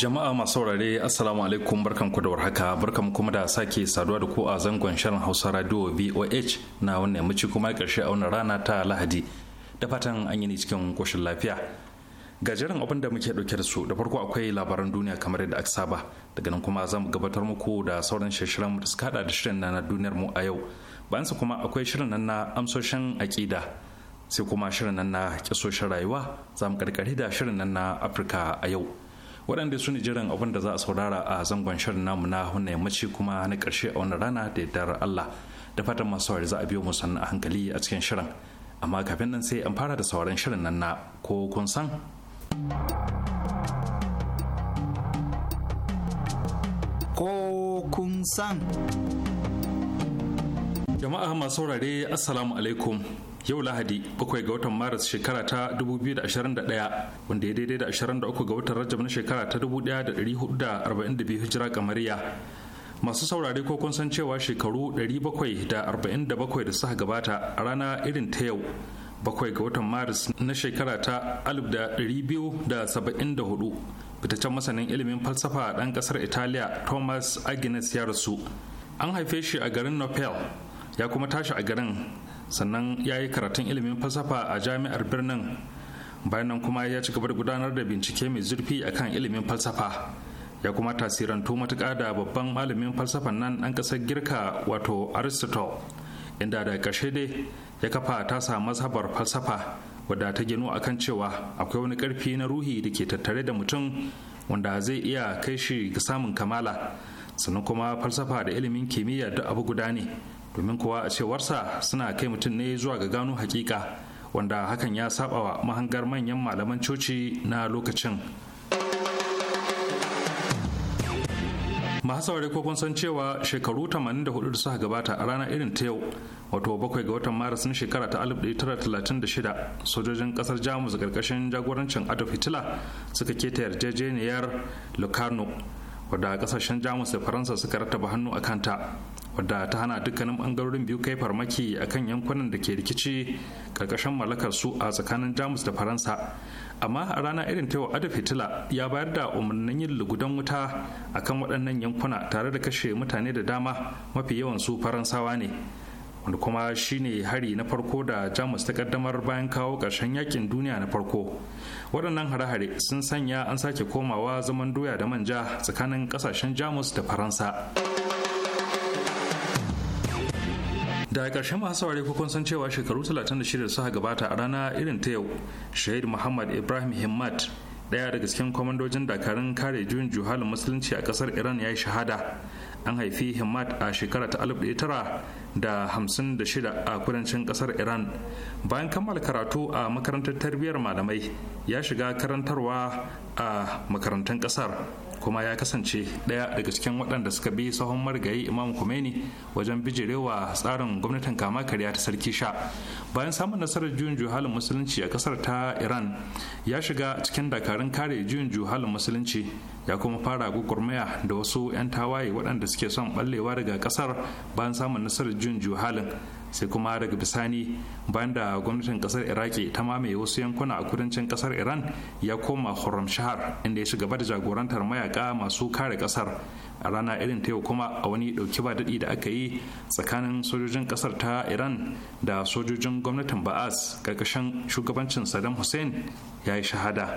Jama'a masu saurare Assalamu alaikum barkanku da warhaka barkan kuma da sake saduwa da ku a zangon shirin Hausa Radio VOH na wannan yammaci kuma karshe a wani rana ta Lahadi da fatan an yi ne cikin koshin lafiya. Gajeren abin da muke ɗauke da su da farko akwai labaran duniya kamar yadda aka saba daga nan kuma zamu gabatar muku da sauran shirin da suka hada da shirin na na duniyar mu a yau. Bayan su kuma akwai shirin nan na amsoshin aƙida sai kuma shirin nan na kisoshin rayuwa zamu mu karkare da shirin nan na Afirka a yau. waɗanda su ne jiran abin da za a saurara a zangon shirin namu na wannan yammaci kuma na ƙarshe a wani rana da yardar Allah da fatan masu saurari za a biyo mu sannan a hankali a cikin shirin amma kafin nan sai an fara da sauran shirin nan na ko kun san ko kun san jama'a masu saurare assalamu alaikum yau lahadi bakwai ga watan maris shekara ta 2021 wanda ya daidai da 23 ga watan rajab na shekara ta 1442 hijira kamariya masu saurare ko kun san cewa shekaru 747 da suka gabata a rana irin ta yau bakwai ga watan maris na shekara ta 1274 fitaccen masanin ilimin falsafa a ɗan ƙasar italiya thomas agnes ya rasu an haife shi a garin nopel ya kuma tashi a garin sannan ya yi karatun ilimin falsafa a jami'ar birnin bayan nan kuma ya ci gaba da gudanar da bincike mai zurfi akan ilimin falsafa ya kuma tasirantu matuƙa da babban malamin falsafan nan ɗan ƙasar girka wato aristotle inda da ƙashe dai ya kafa tasa mazhabar falsafa wadda ta gino akan cewa akwai wani ƙarfi na ruhi da ke tattare da mutum wanda zai iya kai shi ga samun kamala sannan kuma falsafa da ilimin kimiyya duk abu guda ne domin kuwa a cewarsa suna kai mutum ne zuwa ga gano hakika wanda hakan ya sabawa mahangar manyan malaman coci na lokacin masu saurari ko san cewa shekaru 84 da suka gabata a ranar irin ta yau wato bakwai ga watan maris na shekara ta 1936 sojojin kasar jamus karkashin jagorancin adolf hitler suka keta yarjejeniyar locarno wadda kasashen jamus da faransa suka rattaba hannu a kanta wadda ta hana dukkanin bangarorin biyu kai farmaki a kan yankunan da ke rikici karkashin mallakar su a tsakanin jamus da faransa amma a rana irin ta yau fitila ya bayar da umarnin yin lugudan wuta a kan waɗannan yankuna tare da kashe mutane da dama mafi yawan su faransawa ne wanda kuma shine hari na farko da jamus ta kaddamar bayan kawo ƙarshen yakin duniya na farko waɗannan hare-hare sun sanya an sake komawa zaman doya da manja tsakanin ƙasashen jamus da faransa da ƙarshen masu saurare kun san cewa shekaru 36 suka gabata a rana irin ta yau shahid muhammad ibrahim himmat daya daga cikin kwamandojin dakarun kare juyin juhalin musulunci a kasar iran ya yi shahada an haifi himmat a shekara ta shida a kudancin kasar iran bayan kammala karatu a makarantar tarbiyyar malamai ya shiga karantarwa a makarantar kasar kuma ya kasance ɗaya daga cikin waɗanda suka bi sahon marigayi imam Khomeini wajen bijirewa tsarin gwamnatin kama karya ta sarki sha bayan samun nasarar juyin juhalin musulunci a ƙasar ta iran ya shiga cikin dakarun kare juyin juhalin musulunci ya kuma fara gugurmaya da wasu 'yan tawaye waɗanda suke son ɓallewa daga ƙasar, bayan samun nasarar juyin juhalin sai kuma daga bisani bayan da gwamnatin kasar iraki ta mamaye wasu yankuna a kudancin kasar iran ya koma horam shahar inda ya shiga da jagorantar mayaka masu kare kasar a rana irin ta yau kuma a wani dauki ba daɗi da aka yi tsakanin sojojin kasar ta iran da sojojin gwamnatin ba'as karkashin shugabancin saddam hussein ya yi shahada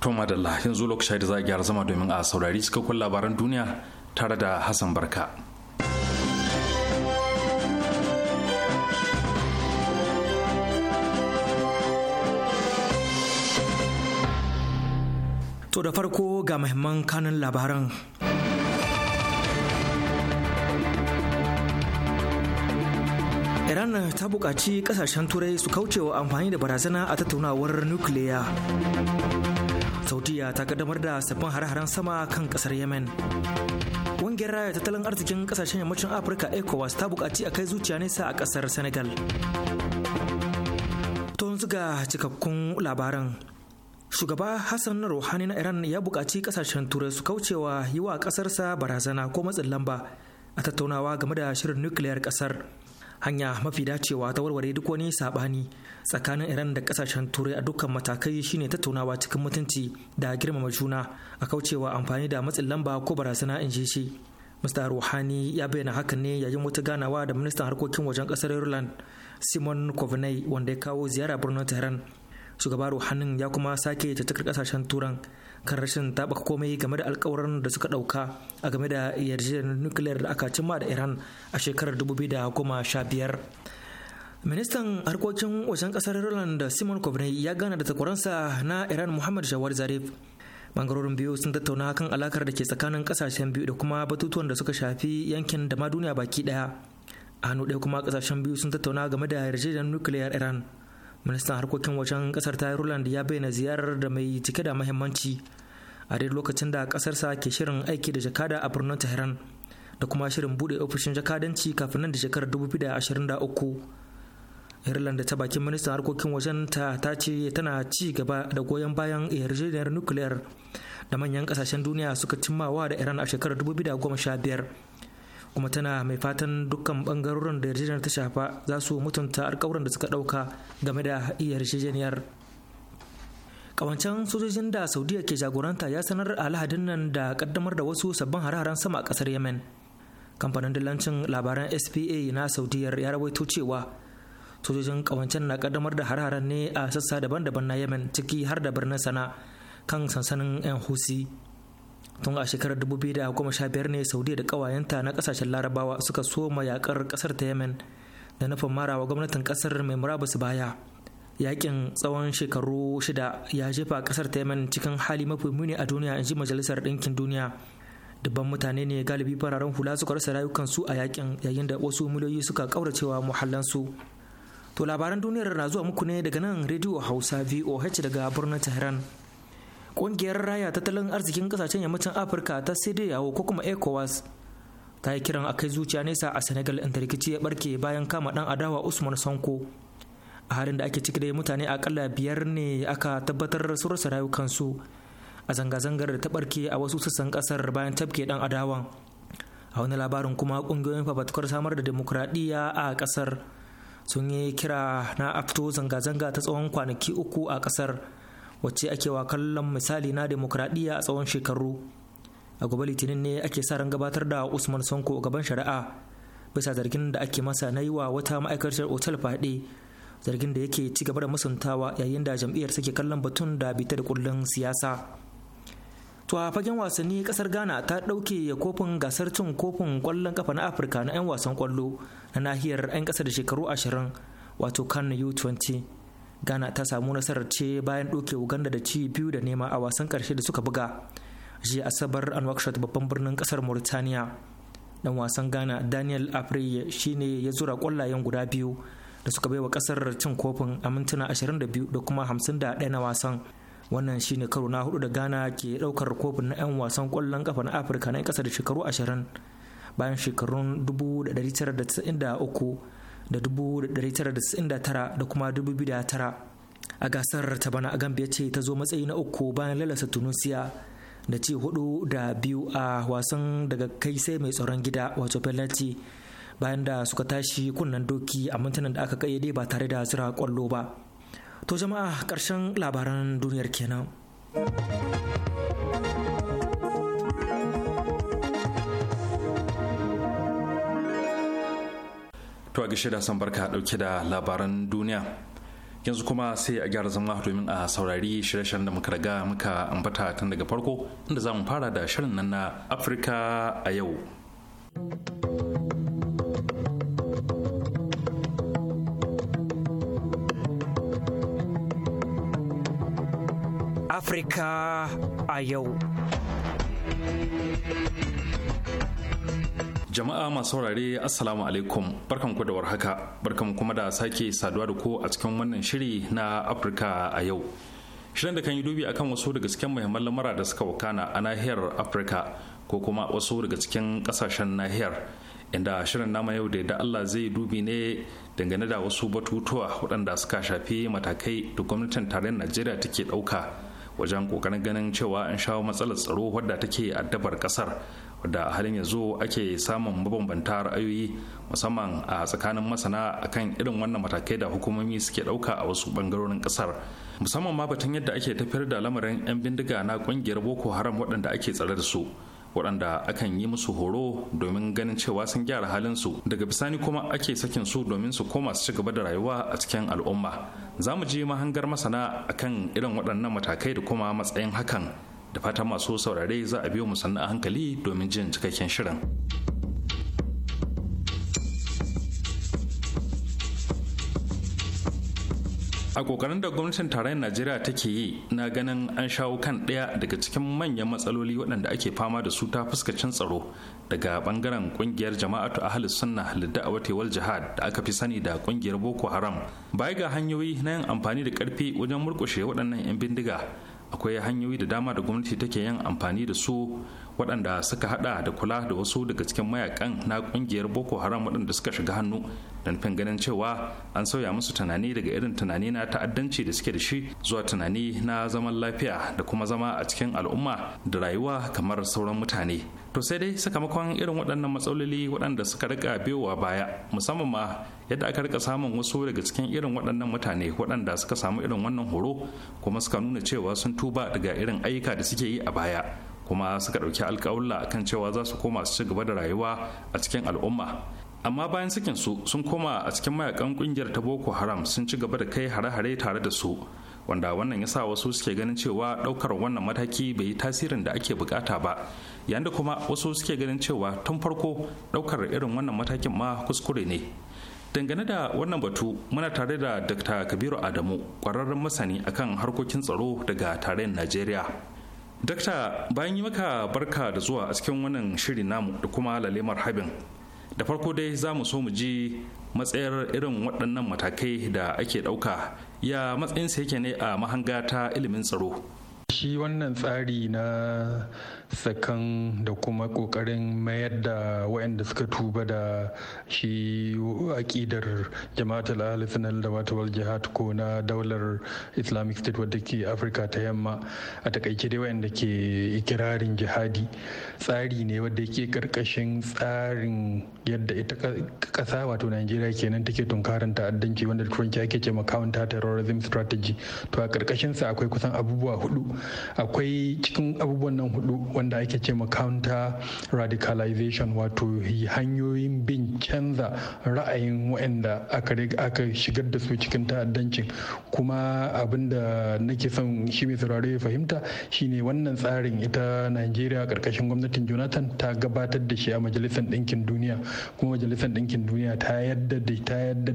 to madalla yanzu lokaci da za a gyara zama domin a saurari cikakkun labaran duniya tare da hassan barka to da farko ga mahimman kanin labaran Iran ta buƙaci ƙasashen turai su kaucewa amfani da barazana a tattaunawar nukiliya. saudiya ta kaddamar da sabbin hare-haren sama kan kasar yemen ƙungiyar raya tattalin arzikin kasashen yammacin afirka ecowas ta buƙaci a kai zuciya nesa a ƙasar senegal to yanzu cikakkun labaran shugaba hassan na ruhani na iran ya buƙaci ƙasashen turai su kaucewa yi wa ƙasarsa barazana ko matsin lamba a tattaunawa game da shirin nukiliyar ƙasar hanya mafi dacewa ta warware duk wani sabani tsakanin iran da kasashen turai a dukkan matakai shine tattaunawa cikin mutunci da girmama juna a kaucewa amfani da matsin lamba ko barazana in ji shi mr ruhani ya bayyana hakan ne yayin wata ganawa da ministan harkokin wajen kasar ireland simon kovenai wanda ya kawo ziyara birnin tehran shugaba ruhanin ya kuma sake tattakar kasashen turan kan rashin taɓaka komai game da alkawarin da suka ɗauka a game da yarjejeniyar nukiliyar da aka cimma da iran a shekarar dubu da sha biyar. ministan harkokin wajen kasar ireland simon coveney ya gana da takwaransa na iran muhammad shawar zarif bangarorin biyu sun tattauna kan alakar da ke tsakanin kasashen biyu da kuma batutuwan da suka shafi yankin da ma duniya baki ɗaya. a hannu ɗaya kuma kasashen biyu sun tattauna game da yarjejeniyar nukiliyar iran ministan harkokin wajen kasar ta ireland ya bayyana ziyarar da mai cike da mahimmanci a dai lokacin da kasarsa ke shirin aiki da jakada a birnin tehran da kuma shirin bude ofishin jakadanci kafin nan da shekarar 2023 ireland da ta bakin ministan harkokin wajen ta ta ce tana ci gaba da goyon bayan yarjejeniyar nukiliyar da manyan kasashen duniya suka cimmawa da iran a shekarar 2015 kuma tana mai fatan dukkan bangarorin da yarjejeniyar ta shafa za su mutunta alkawuran da suka dauka game da yarjejeniyar kawancen sojojin da saudiya ke jagoranta ya sanar a lahadin nan da kaddamar da wasu sabbin hare-haren sama a kasar yemen kamfanin dillancin labaran spa na saudiyar ya rawaito cewa sojojin kawancen na kaddamar da hare-haren ne a sassa daban-daban na yemen ciki har da birnin sana kan sansanin yan husi tun a shekarar dubu da sha biyar ne saudiya da kawayenta na kasashen larabawa suka soma yakar kasar ta yemen da nufin marawa gwamnatin kasar mai murabus baya yakin tsawon shekaru shida ya jefa kasar ta yemen cikin hali mafi muni a duniya in ji majalisar ɗinkin duniya dubban mutane ne galibi fararen hula suka rasa rayukansu a yakin yayin da wasu miliyoyi suka kauracewa muhallansu to labaran duniyar na zuwa muku ne daga nan rediyo hausa voh daga birnin tehran Ƙungiyar raya tattalin arzikin ƙasashen yammacin Afirka ta yawo ko kuma ECOWAS ta yi kiran a kai zuciya nesa a Senegal da rikici ya barke bayan kama ɗan adawa Usman Sanko. A halin da ake ciki da mutane akalla biyar ne aka tabbatar su rasa rayukansu a zanga-zangar da ta barke a wasu sassan kasar bayan tafke ɗan adawan. A wani labarin kuma kungiyoyin fafatukar samar da demokuraɗiyya a kasar sun yi kira na afto zanga-zanga ta tsawon kwanaki uku a ƙasar. wacce ake wa kallon misali na demokradiyya a tsawon shekaru a gobe litinin ne ake sa ran gabatar da usman sonko gaban shari'a bisa zargin da ake masa na yi wa wata ma'aikatar otal fade zargin da yake ci gaba da musuntawa yayin da jam'iyyar suke kallon batun da bita da kullun siyasa to a fagen wasanni kasar ghana ta ɗauke kofin gasar cin kofin kwallon kafa na afirka na 'yan wasan kwallo na nahiyar 'yan kasa da shekaru ashirin wato kan u20 ghana ta samu nasarar ce bayan ɗauke uganda da ci biyu da nema a wasan ƙarshe da suka buga jiya asabar an wakshot babban birnin ƙasar mauritania dan wasan ghana daniel afriye shine ya zura ƙwallayen guda biyu da suka baiwa ƙasar cin kofin a mintuna 22 da kuma 51 na wasan wannan shine karo na hudu da ghana ke ɗaukar kofin na 'yan wasan ƙwallon kafa na afirka na ƙasa da shekaru 20 bayan shekarun 1993 da 1999 da kuma 2009 a gasar ta bana gambia ce ta zo matsayi na uku bayan lalasa tunisia da ce hudu da biyu a wasan daga kai sai mai tsaron gida wato penalty bayan da suka tashi kunnen doki a mintunan da aka kai kayyade ba tare da zira kwallo ba to jama'a karshen labaran duniyar kenan To a gaishe da san barka dauke da labaran duniya. Yanzu kuma sai a gyara zama domin a saurari shirye-shiryen da muka riga muka ambata tun daga farko inda za mu fara da shirin nan na Afirka a yau. Afirka a yau. Jama'a masu saurare Assalamu alaikum barkan barkanku da warhaka barkan kuma da sake saduwa da ku a cikin wannan shiri na Afirka a yau. Shirin da kan yi dubi akan wasu daga cikin muhimman lamura da suka wakana a nahiyar Afirka ko kuma wasu daga cikin kasashen nahiyar inda shirin nama yau da Allah zai dubi ne dangane da wasu batutuwa waɗanda suka shafi matakai da gwamnatin tarayyar Najeriya take ɗauka wajen kokarin ganin cewa an shawo matsalar tsaro wadda take addabar kasar wadda a halin yanzu ake samun mabambanta ra'ayoyi musamman a tsakanin masana akan irin wannan matakai da hukumomi suke ɗauka a wasu bangarorin kasar musamman ma batun yadda ake tafiyar da lamarin 'yan bindiga na kungiyar boko haram waɗanda ake tsare da su waɗanda akan yi musu horo domin ganin cewa sun gyara halin su daga bisani kuma ake sakin su domin su koma su ci gaba da rayuwa a cikin al'umma za mu je mahangar masana akan irin waɗannan matakai da kuma matsayin hakan da fatan masu saurare za a biyo mu sannan a hankali domin jin cikakken shirin. a kokarin da gwamnatin tarayyar najeriya take yi na ganin an shawo kan ɗaya daga cikin manyan matsaloli waɗanda ake fama da su ta fuskacin tsaro daga ɓangaren ƙungiyar jama'atu ahli sunna lidda'awati wal jihad da aka fi sani da kungiyar boko haram baya ga hanyoyi na yin amfani da karfi wajen murkushe waɗannan 'yan bindiga akwai hanyoyi da dama da gwamnati take yin amfani da su waɗanda suka hada da kula da wasu daga cikin mayakan na ƙungiyar boko haram waɗanda suka shiga hannu don fin ganin cewa an sauya musu tunani daga irin tunani na ta'addanci da suke da shi zuwa tunani na zaman lafiya da kuma zama a cikin al'umma da rayuwa kamar sauran mutane to sai dai sakamakon irin waɗannan matsaloli waɗanda suka rika biyowa baya musamman ma yadda aka rika samun wasu daga cikin irin waɗannan mutane waɗanda suka samu irin wannan horo kuma suka nuna cewa sun tuba daga irin ayyuka da suke yi a baya kuma suka ɗauki alƙawula kan cewa za su koma su ci gaba da rayuwa a cikin al'umma amma bayan sakin su sun koma a cikin mayakan ƙungiyar ta boko haram sun ci gaba da kai hare-hare tare da su wanda wannan ya sa wasu suke ganin cewa ɗaukar wannan mataki bai yi tasirin da ake bukata ba yayin da kuma wasu suke ganin cewa tun farko ɗaukar irin wannan matakin ma kuskure ne dangane da wannan batu muna tare da dr kabiru adamu kwararren masani akan harkokin tsaro daga tarayyar najeriya dakta bayan yi maka barka da zuwa a cikin wannan shiri namu da kuma lalemar habin da farko dai za mu so mu ji matsayar irin waɗannan matakai da ake ɗauka ya matsayinsa yake ne a mahanga ta ilimin tsaro shi wannan tsari na sakan da kuma kokarin mayar da waɗanda suka tuba da shi aƙidar jama'atul alisunan da watawar jihad ko na daular islamic state wadda ke afirka ta yamma a takaice dai waɗanda ke ikirarin jihadi tsari ne wadda ke karkashin tsarin yadda ita ƙasa wato najeriya kenan take tunkarin ta'addanci wanda turanci ake ce ma counter terrorism strategy to a karkashinsa akwai kusan abubuwa hudu akwai cikin abubuwan nan hudu wanda ake ce ma counter radicalization wato hanyoyin bin canza ra'ayin waɗanda aka shigar da su cikin ta'addancin kuma abinda da nake son shi mai saurare fahimta shine wannan tsarin ita najeriya karkashin gwamnatin jonathan ta gabatar da shi a majalisar ɗinkin duniya kuma majalisar ɗinkin duniya ta yadda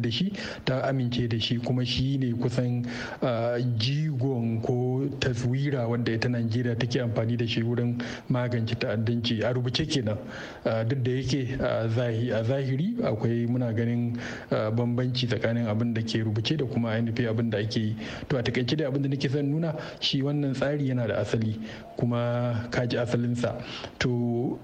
da shi ta amince da shi kuma shi ne kusan ah, jigon ko taswira bindiga wanda ita najeriya take amfani da shi wurin magance ta'addanci a rubuce kenan duk da yake a zahiri akwai muna ganin bambanci tsakanin abin da ke rubuce da kuma ainihi abin da ake yi to a takaice dai abin da nake son nuna shi wannan tsari yana da asali kuma kaji asalinsa to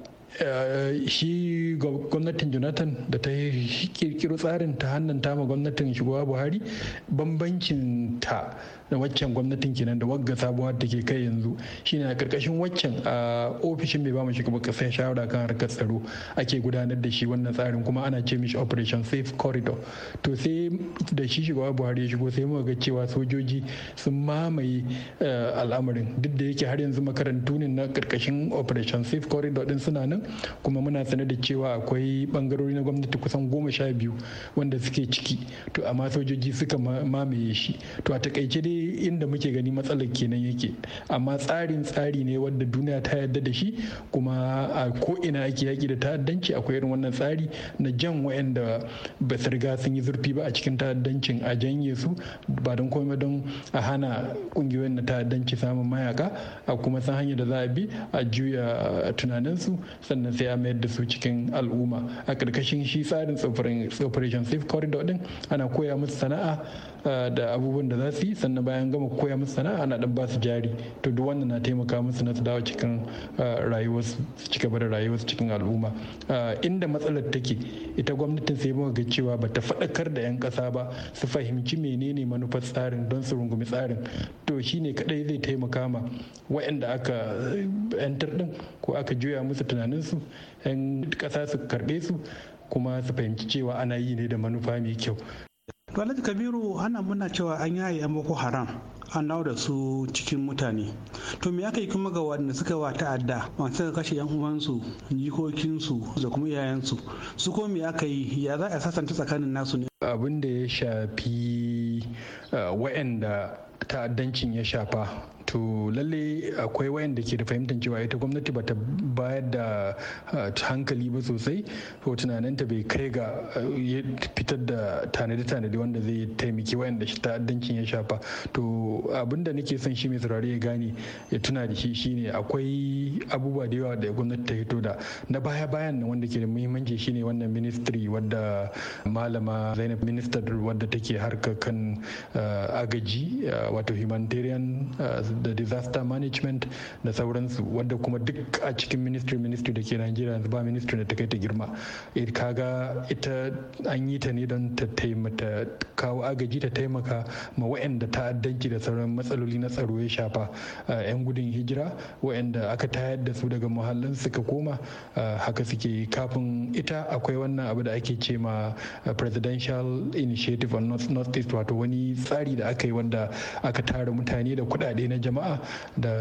shi gwamnatin jonathan da ta kirkiro tsarin ta hannun ma gwamnatin shugaba buhari bambancin ta na waccan gwamnatin kenan da wagga sabuwar da ke kai yanzu shine a karkashin waccan a ofishin mai bamu shugaban kasar shawara kan harkar tsaro ake gudanar da shi wannan tsarin kuma ana ce mishi operation safe corridor to sai da shi shugaba buhari ya shigo sai muka ga cewa sojoji sun mamaye eh, al'amarin duk da yake har yanzu makarantu ne na karkashin operation safe corridor din suna nan kuma muna sanar da cewa akwai bangarori na gwamnati kusan goma sha biyu wanda suke ciki to amma sojoji suka mamaye shi to a takaice dai inda muke gani matsalar kenan yake amma tsarin tsari ne wadda duniya ta yarda da shi kuma a ko ina ake yaki da ta'addanci akwai irin wannan tsari na jan wa'anda ba su riga sun yi zurfi ba a cikin ta'addancin a janye su ba don komai don a hana kungiyoyin na ta'addanci samun mayaka a kuma san hanyar da za a bi a juya tunaninsu sannan sai a mayar da su cikin al'umma a karkashin shi tsarin operation safe corridor din ana koya musu sana'a eh, da abubuwan da za su yi sannan bayan gama koya musu sana'a ana dan basu jari to duk wannan na taimaka musu na su dawo cikin ah, rayuwar su ci gaba da rayuwarsu cikin al'umma ah, inda matsalar take ita gwamnatin sai muka ga cewa ba ta faɗakar da 'yan ƙasa ba su fahimci menene manufar tsarin don su rungumi tsarin to shine kadai zai taimaka ma wa'anda aka 'yantar eh, din ko aka juya musu tunanin su 'yan ƙasa su karɓe su kuma su fahimci cewa ana yi ne da manufa mai kyau to kabiru ana muna cewa an yaye yan boko haram an dawo da su cikin mutane to me aka yi kuma ga wanda suka wa ta'adda wanda suka kashe yan uwansu jikokinsu da kuma iyayensu su ko me aka yi ya za a sasanta tsakanin nasu ne abin da ya shafi eh, wa'anda ta'addancin ya shafa to lalle akwai wayanda ke da fahimtar cewa ita gwamnati bata bayar da ah, hankali ba sosai ko tunaninta bai kai ga ah, fitar da tanadi tanadi wanda zai taimaki wayanda shi ta'addancin ya shafa to abinda da nake son shi mai saurari ya gane ya tuna da shi shine akwai abubuwa da yawa da gwamnati ta hito da na baya bayan nan wanda ke da muhimmanci shine wannan ministry wadda malama zainab minister wadda take harkar kan ah, agaji wato humanitarian da disaster management da sauransu wadda kuma duk a cikin ministry ministry da ke najeriya yanzu ba ministry da ta kai ta girma eh, kaga ita an yi ta ne don ta taimaka kawo agaji ta taimaka ma wa'anda ta'addanci da sauran matsaloli na tsaro ya shafa eh, yan gudun hijira wa'anda aka tayar da su daga muhallin suka koma eh, haka suke kafin ita akwai wannan abu da ake ce ma presidential initiative on east wato wani tsari da aka yi wanda aka tara mutane da kuɗaɗe na jama'a da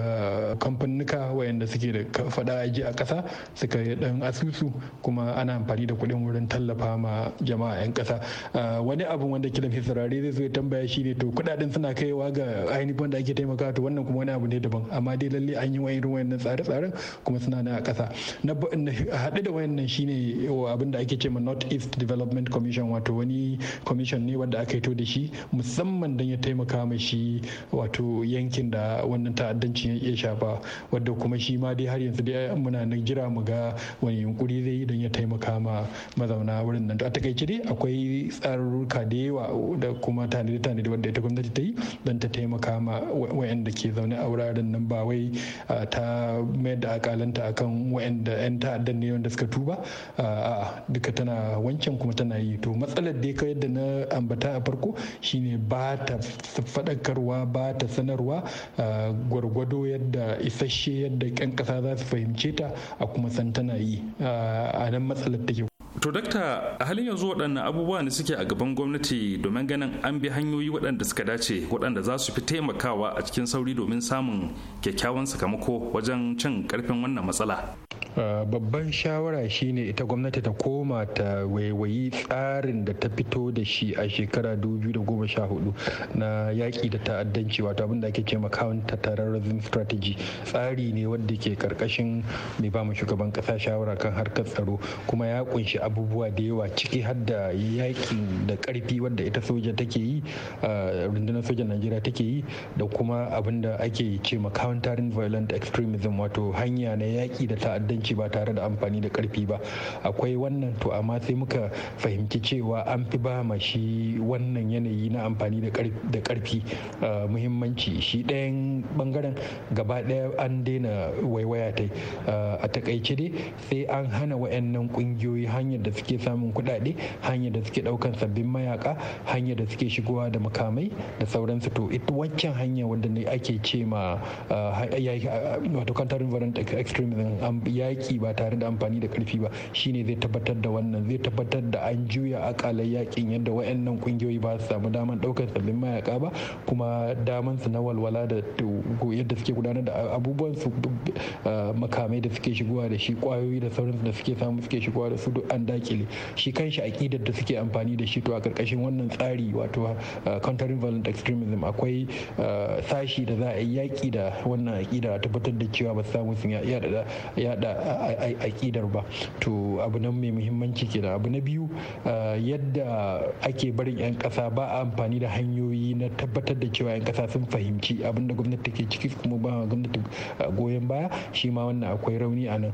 kamfanuka wayanda suke da faɗa aji a kasa suka yi ɗan asusu kuma ana amfani da kuɗin wurin tallafa ma jama'a 'yan kasa wani abu wanda kila fi saurare zai zo ya tambaya shi ne to kuɗaɗen suna kaiwa ga ainihin wanda ake taimaka to wannan kuma wani abu ne daban amma dai lalle an yi wayan wayannan tsare-tsaren kuma suna na a ƙasa na haɗu da wayannan shine abin da ake ce ma north east development commission wato wani commission ne wanda aka yi to da shi musamman don ya taimaka ma shi wato yankin da wannan ta'addanci ya iya shafa wadda kuma shi ma dai har yanzu dai muna nan jira mu ga wani yunkuri zai yi don ya taimaka ma mazauna wurin nan a takaice dai akwai tsarurruka da yawa da kuma tanadi tanade wadda ita gwamnati ta yi don ta taimaka ma wayanda ke zaune a wuraren nan ba wai ta mayar da akalanta akan wayanda 'yan ta'addan ne wanda suka tuba a duka tana wancan kuma tana yi to matsalar dai ka yadda na ambata a farko shine ba ta faɗakarwa ba ta sanarwa gwargwado yadda isasshe yadda 'yan ƙasa za su fahimce ta a kuma san tana yi a nan matsalar take To dakta a halin yanzu waɗannan abubuwa ne suke a gaban gwamnati domin ganin an bi hanyoyi waɗanda suka dace waɗanda za su fi taimakawa a cikin sauri domin samun kyakkyawan sakamako wajen cin karfin wannan matsala. Babban shawara shine ita gwamnati ta koma ta waiwayi tsarin da ta fito da shi a shekara 2014 na yaƙi da ta'addanci wato abin da ake ce counter terrorism strategy tsari ne wanda ke karkashin mai ba mu shugaban ƙasa shawara kan harkar tsaro kuma ya kunshi abubuwa da yawa ciki har da yaƙi da karfi wanda ita soja take yi eh, rundunar sojan najeriya take yi da kuma abin da ake ce ma countering violent extremism wato hanya na yaƙi da ta'addanci ba tare da amfani da ƙarfi ba akwai wannan to amma sai muka fahimci cewa an fi ba ma shi wannan yanayi na amfani da karfi eh, muhimmanci shi ɗayan bangaren gaba ɗaya an daina waiwaya ta eh, a takaice dai sai an hana wayannan ƙungiyoyi hanyar hanyar da suke samun kuɗaɗe hanyar da suke ɗaukan sabbin mayaka hanyar da suke shigowa da makamai da sauransu to ita wancan hanya wanda ne ake ce ma ah, ah, wato counter-violent extremism yaƙi ba tare da amfani da ƙarfi ba shine zai tabbatar da wannan zai tabbatar da an juya akalar yaƙin yadda wayannan ƙungiyoyi ba su samu daman ɗaukar sabbin mayaka ba kuma daman su na walwala da yadda suke gudanar da abubuwan su ah, makamai da suke shigowa da shi kwayoyi da sauransu da suke samu suke shigowa da su duk an dakile shi kanshi aƙidar da suke amfani da shi to a ƙarƙashin wannan tsari wato uh, countering violent extremism akwai uh, sashi da za a yi yaƙi da wannan aƙida a tabbatar da cewa ba samu sun yada aƙidar ba to abu nan mai muhimmanci kenan abu na biyu uh, yadda ake barin 'yan ƙasa ba a amfani da hanyoyi na tabbatar da cewa 'yan ƙasa sun fahimci abin da gwamnati take ciki kuma ba gwamnati goyon baya shi ma wannan akwai rauni a nan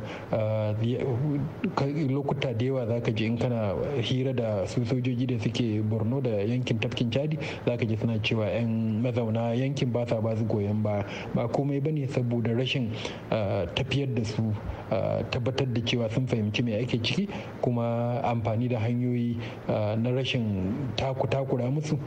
lokuta da yawa Za ka ji in kana hira da su sojoji da suke borno da yankin tafkin chadi ka ji suna cewa 'yan mazauna yankin ba sa ba su goyon ba ba komai ba ne saboda rashin ah, tafiyar da su ah, tabbatar da cewa sun fahimci mai ake ciki kuma amfani da hanyoyi ah, na rashin takura musu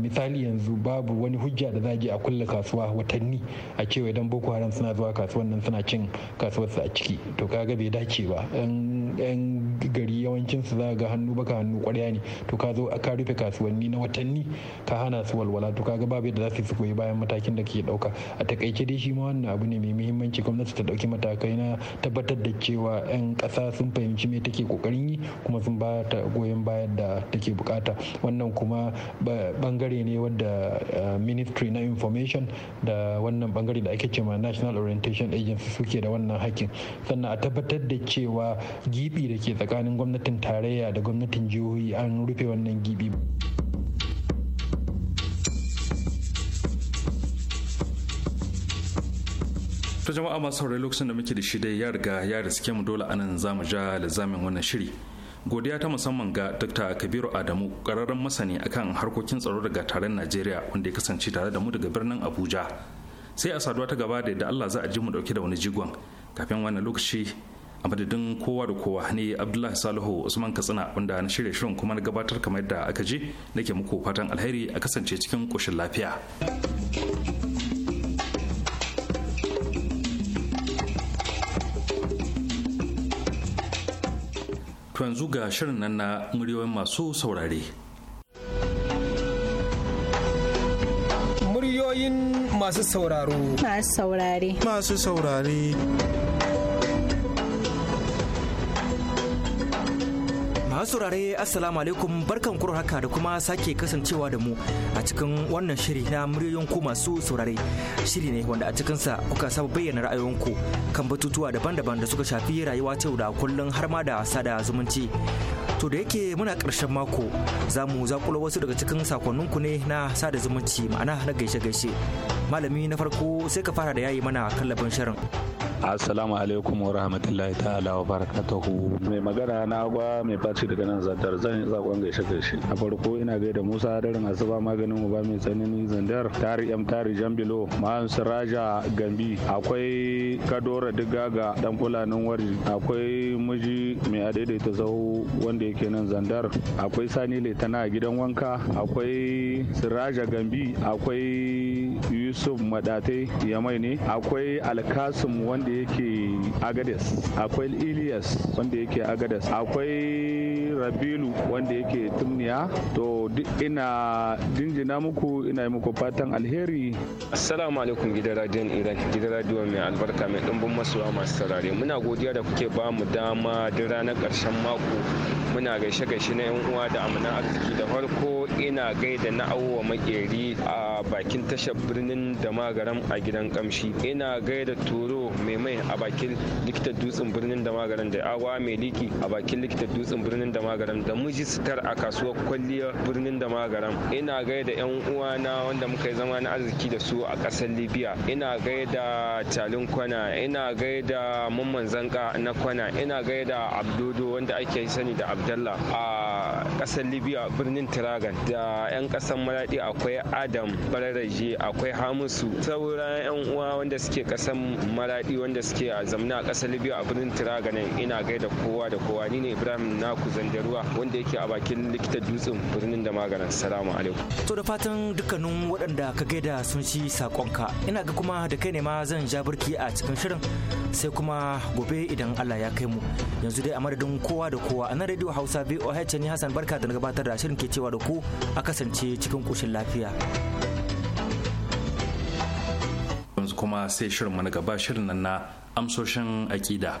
misali yanzu babu wani hujja da za a a kulle kasuwa watanni a cewa idan boko haram suna zuwa kasuwan nan suna cin kasuwarsu a ciki to kaga bai dace ba 'yan gari yawancinsu za ga hannu baka hannu kwarya ne to ka zo ka rufe kasuwanni na watanni ka hana su walwala to ga babu yadda za su koyi bayan matakin da ke dauka a takaice dai shi ma wannan abu ne mai muhimmanci gwamnati ta dauki matakai na tabbatar da cewa 'yan kasa sun fahimci me take kokarin yi kuma sun ba ta goyon bayan da take bukata wannan kuma bangare ne wanda eh, ministry na information da wannan bangare da ake cewa national orientation agency suke da wannan hakkin sannan a tabbatar da cewa gibi da ke tsaka. tsakanin gwamnatin tarayya da gwamnatin jihohi an rufe wannan gibi ta jama'a masu saurari lokacin da muke da shi dai ya riga ya riske mu dole anan mu ja lizamin wannan shiri godiya ta musamman ga dr kabiru adamu kararren masani akan harkokin tsaro daga taron najeriya wanda ya kasance tare da mu daga birnin abuja sai a saduwa ta gaba da yadda allah za a ji mu dauke da wani jigon kafin wannan lokaci a madadin kowa da kowa ne abdullahi salihu usman katsina wanda na shirya shirin kuma na gabatar kamar yadda aka ji nake muku fatan alheri a kasance cikin ƙoshin lafiya To yanzu ga shirin nan na muryoyin masu saurare. Muryoyin masu sauraro. Masu saurare. Masu saurare. masu saurare assalamu alaikum barkan kuro haka da kuma sake kasancewa da mu a cikin wannan shiri na muryoyin ku masu saurare shiri ne wanda a cikinsa kuka saba bayyana ra'ayoyinku kan batutuwa daban-daban da suka shafi rayuwa ta yau da kullum har ma da sada zumunci to da yake muna karshen mako za mu zakulo wasu daga cikin sakonninku ne na sada zumunci ma'ana na gaishe-gaishe malami na farko sai ka fara da yayi mana kallabin shirin assalamu alaikum wa rahmatullahi ta'ala wa barakatuhu mai magana na agwa mai baci daga nan zantar zan yi zakon gaishe gaishe a farko ina gaida musa adarin asuba maganin uba mai tsanani zandar tari yam tari bilo ma'an siraja gambi akwai kadora digaga dan kulanin wari akwai miji mai adaidaita zahu wanda yake nan zandar akwai sani laitana a gidan wanka akwai siraja gambi akwai yusuf madatai yamai ne akwai alkasim wanda yake agades akwai ilias wanda yake agades akwai rabilu wanda yake tumniya to ina dinjina muku ina yi muku fatan alheri assalamu alaikum gidan radiyon iran gidan radiyo mai albarka mai ɗumbin masuwa masu saurare muna godiya da kuke ba mu dama duk ranar ƙarshen mako muna gaishe gaishe na 'yan uwa da amana arziki da farko ina gaida na awowa makeri a bakin tashar birnin da magaram a gidan kamshi ina gaida turo mai mai a bakin likita dutsen birnin da magaram da awa mai liki a bakin likita dutsen birnin da magaram da muji sitar a kasuwar kwalliya birnin da magaram ina gaida yan uwana wanda muka yi zama na arziki da su a ƙasar libya ina gaida talin kwana ina gaida mamman zanka na kwana ina gaida abdodo wanda ake sani da abdallah a ƙasar libya birnin tiragan da yan ƙasar maraɗi akwai adam bararraje akwai hamisu sauran yan uwa wanda suke ƙasar maraɗi wanda suke a zamna a ƙasar libya a birnin tiragan ina gaida kowa da kowa ni ne ibrahim na kuzan da ruwa wanda yake a bakin likita dutsen birnin da maganin salamu alaikum to da fatan dukkanin waɗanda ka gaida sun ci sakonka ina ga kuma da kai ne ma zan ja birki a cikin shirin sai kuma gobe idan Allah ya kai mu yanzu dai a madadin kowa da kowa a nan radio hausa voh ne hassan barka da gabatar da shirin ke cewa da ku a kasance cikin ƙoshin lafiya kuma sai shirin mana gaba shirin nan na amsoshin aƙida.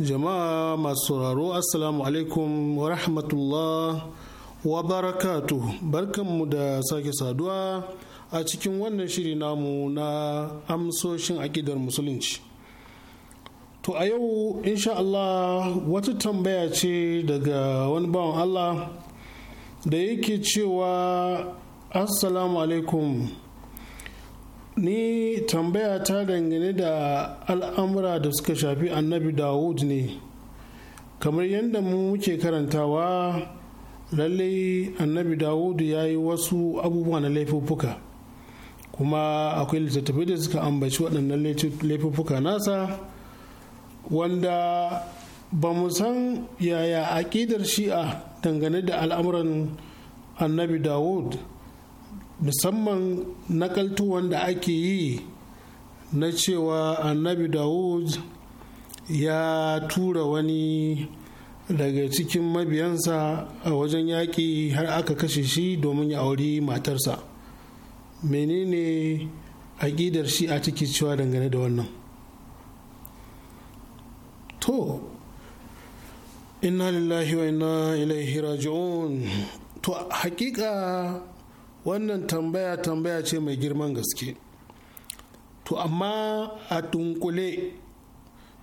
jama'a masu sauraro assalamu alaikum wa rahmatullah wa barakatu barkanmu da sake saduwa a cikin wannan shiri namu na amsoshin akidar musulunci to a yau insha Allah wata tambaya ce daga wani bawan Allah da yake cewa assalamu alaikum ni tambaya ta dangane da al'amura da suka shafi annabi dawud ne kamar yadda mu muke karantawa lallai annabi dawud ya yi wasu abubuwa na laifuffuka kuma akwai littattafai da suka ambaci waɗannan laifuffuka nasa wanda ba mu san yaya aƙidar shi'a dangane da al'amuran annabi dawud musamman nakaltuwan da ake yi na cewa annabi dawud ya tura wani daga cikin mabiyansa a wajen yaƙi har aka kashe shi domin ya auri matarsa menene aƙidar shi a take cewa dangane da wannan to inna lillahi wa inna ilaihi raji'un to hakika wannan tambaya tambaya ce mai girman gaske to amma a tunkule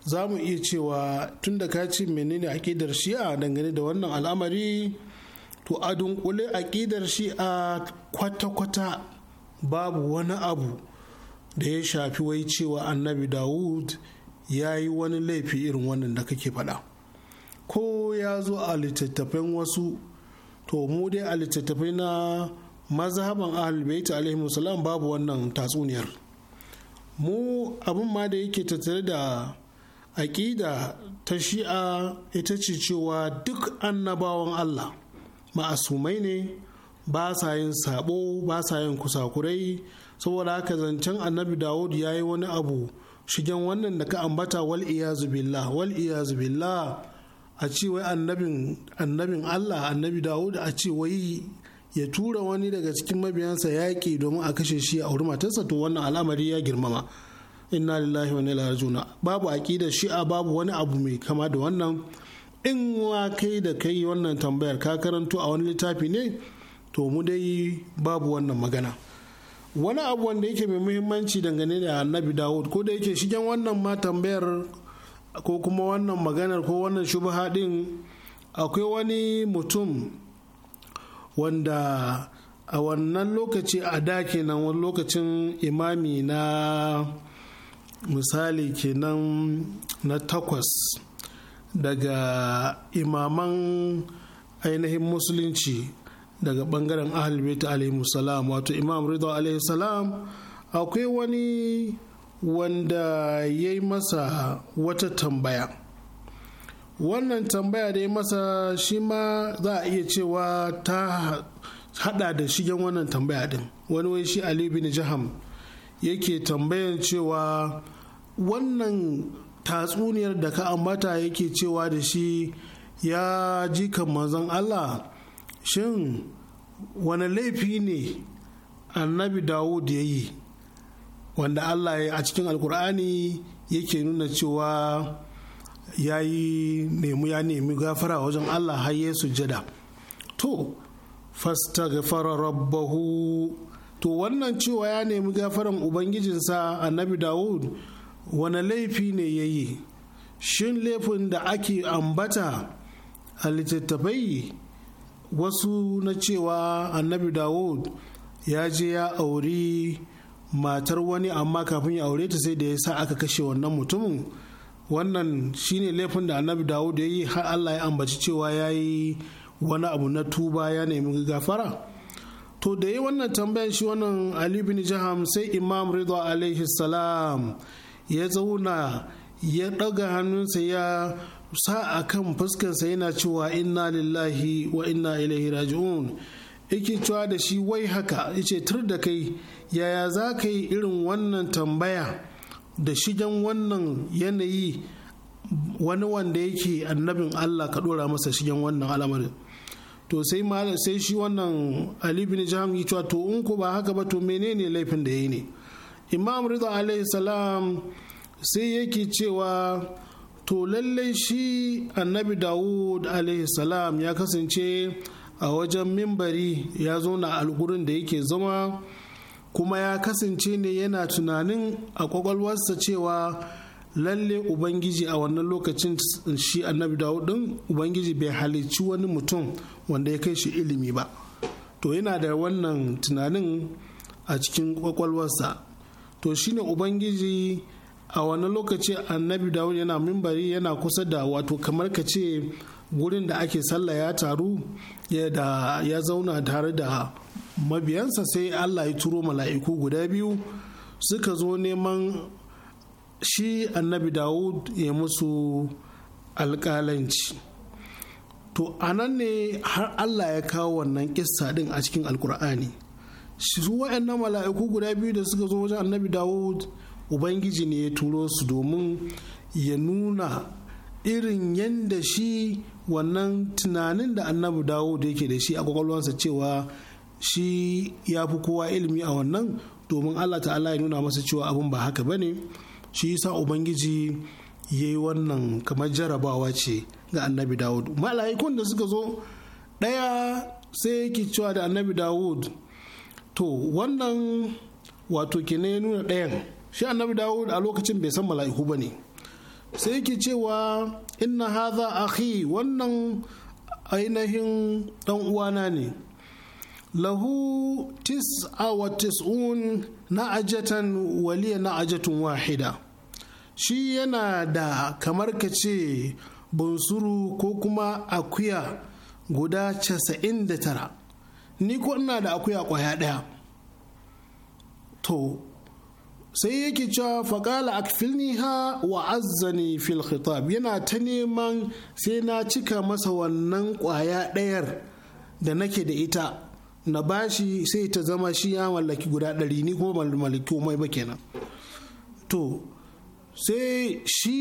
za mu iya cewa tun da ka ce menene aƙidar shi'a dangane da wannan al'amari to a dunkule aƙidar shi'a kwata-kwata babu wani abu da ya shafi wai cewa annabi dawud ya yi wani laifi irin wannan da kake faɗa ko ya zo a littattafan wasu to mu dai a littattafai na mazhaban ahlulbait alaihi salam babu wannan tatsuniyar mu abin ma da yake tattare da aƙida ta shi'a ita ce cewa duk annabawan allah ma'asumai ne ba sa yin sabo ba sa yin kusakurai saboda haka zancen annabi dawud ya yi wani abu shigen wannan da ka ambata wal iyazu billah wal billah a ce wai annabin annabin allah annabi dawud a ce wai ya tura wani daga cikin mabiyansa yaƙi domin a kashe shi a wuri matarsa to wannan al'amari ya girmama inna lillahi wa inna ilaihi babu aqida shi'a babu wani abu mai kama da wannan in wa kai da kai wannan tambayar ka karanto a wani littafi ne to mu dai babu wannan magana wani abu wanda yake mai muhimmanci dangane da annabi dawud ko da yake shigen wannan ma tambayar ko kuma wannan maganar ko wannan shubha din akwai wani mutum wanda a wannan lokaci a da kenan wani lokacin imami na misali kenan na takwas daga imaman ainihin musulunci daga bangaren ahalbeta alaihi salam wato imam rida alaihi salam akwai wani wanda ya yi masa wata tambaya wannan tambaya da ya masa shi ma za a iya cewa ta hada da shigen wannan tambaya din wani wai shi ali bin jaham yake tambayar cewa wannan tatsuniyar da ka ambata yake cewa da shi ya ji manzon allah shin wani laifi ne annabi dawud ya yi wanda allah a cikin alkur'ani yake nuna cewa ya yi nemi ya nemi gafara wajen Allah har ya sujada to fasta gafara rabbahu to wannan cewa ya nemi gafaran ubangijinsa annabi Dawud wani laifi ne ya yi shin laifin da ake ambata a littattafai wasu na cewa annabi Dawud ya je ya auri matar wani amma kafin ya aure ta sai da ya sa aka kashe wannan mutumin wannan shine laifin da annabi dawud ya yi har allah ya ambaci cewa ya yi wani abu na tuba ya nemi gafara to da yi wannan tambayan shi wannan ali bin sai imam ridwa alaihi salam ya zauna ya ɗaga hannunsa ya sa a kan fuskarsa yana cewa inna lillahi wa inna ilaihi raji'un yake cewa da shi wai haka yace tur da kai yaya za ka yi irin wannan tambaya da shigen wannan yanayi wani wanda yake annabin Allah ka dora masa shigen wannan al'amarin to sai shi wannan Ali bin yi cewa to in ko ba haka ba to menene laifin da yayi ne Imam Ridha alaihi salam sai yake cewa to lallai shi annabi Dawud alaihi salam ya kasance a wajen mimbari ya zo na algurin da yake zama kuma ya kasance ne yana tunanin a kwakwalwarsa cewa lalle ubangiji a wannan lokacin shi annabi din ubangiji bai halicci wani mutum wanda ya kai shi ilimi ba to yana da wannan tunanin a cikin kwakwalwarsa to shine ubangiji a wannan lokaci annabi dawud yana mimbari yana kusa da wato kamar ka ce gurin da ake sallah ya taru ya zauna tare da mabiyansa sai allah ya turo mala'iku guda biyu suka zo neman shi annabi dawud ya musu alƙalanci to anan ne har allah ya kawo wannan kissa din a cikin alkur'ani su wa'annan mala'iku guda biyu da suka zo wajen annabi dawud ubangiji ne ya turo su domin ya nuna irin yanda shi wannan tunanin da annabi dawud yake da shi a kwakwalwansa cewa shi ya fi kowa ilimi a wannan domin Allah ta'ala ya nuna masa cewa abin ba haka bane shi yasa ubangiji ya yi wannan kamar jarabawa ce ga annabi dawud mala'ikun da suka zo ɗaya sai yake cewa da annabi dawud to wannan wato ke ya nuna ɗayan shi annabi dawud a lokacin bai san mala'iku ba ne sai yake cewa inna haza akhi wannan ainihin ɗan uwana ne lahu tis'a wa tis'un na'ajatan waliya na'ajatun wahida shi yana da kamar ka ce bunsuru ko kuma akuya guda casa'in da tara ni ko ina da akuya kwaya ɗaya to sai yake cewa faƙala ha wa azzani fil khitab yana ta neman sai na cika masa wannan ƙwaya ɗayar da nake da ita na bashi sai ta zama shi ya mallaki guda ɗari ni kuma mallaki komai ba kenan to sai shi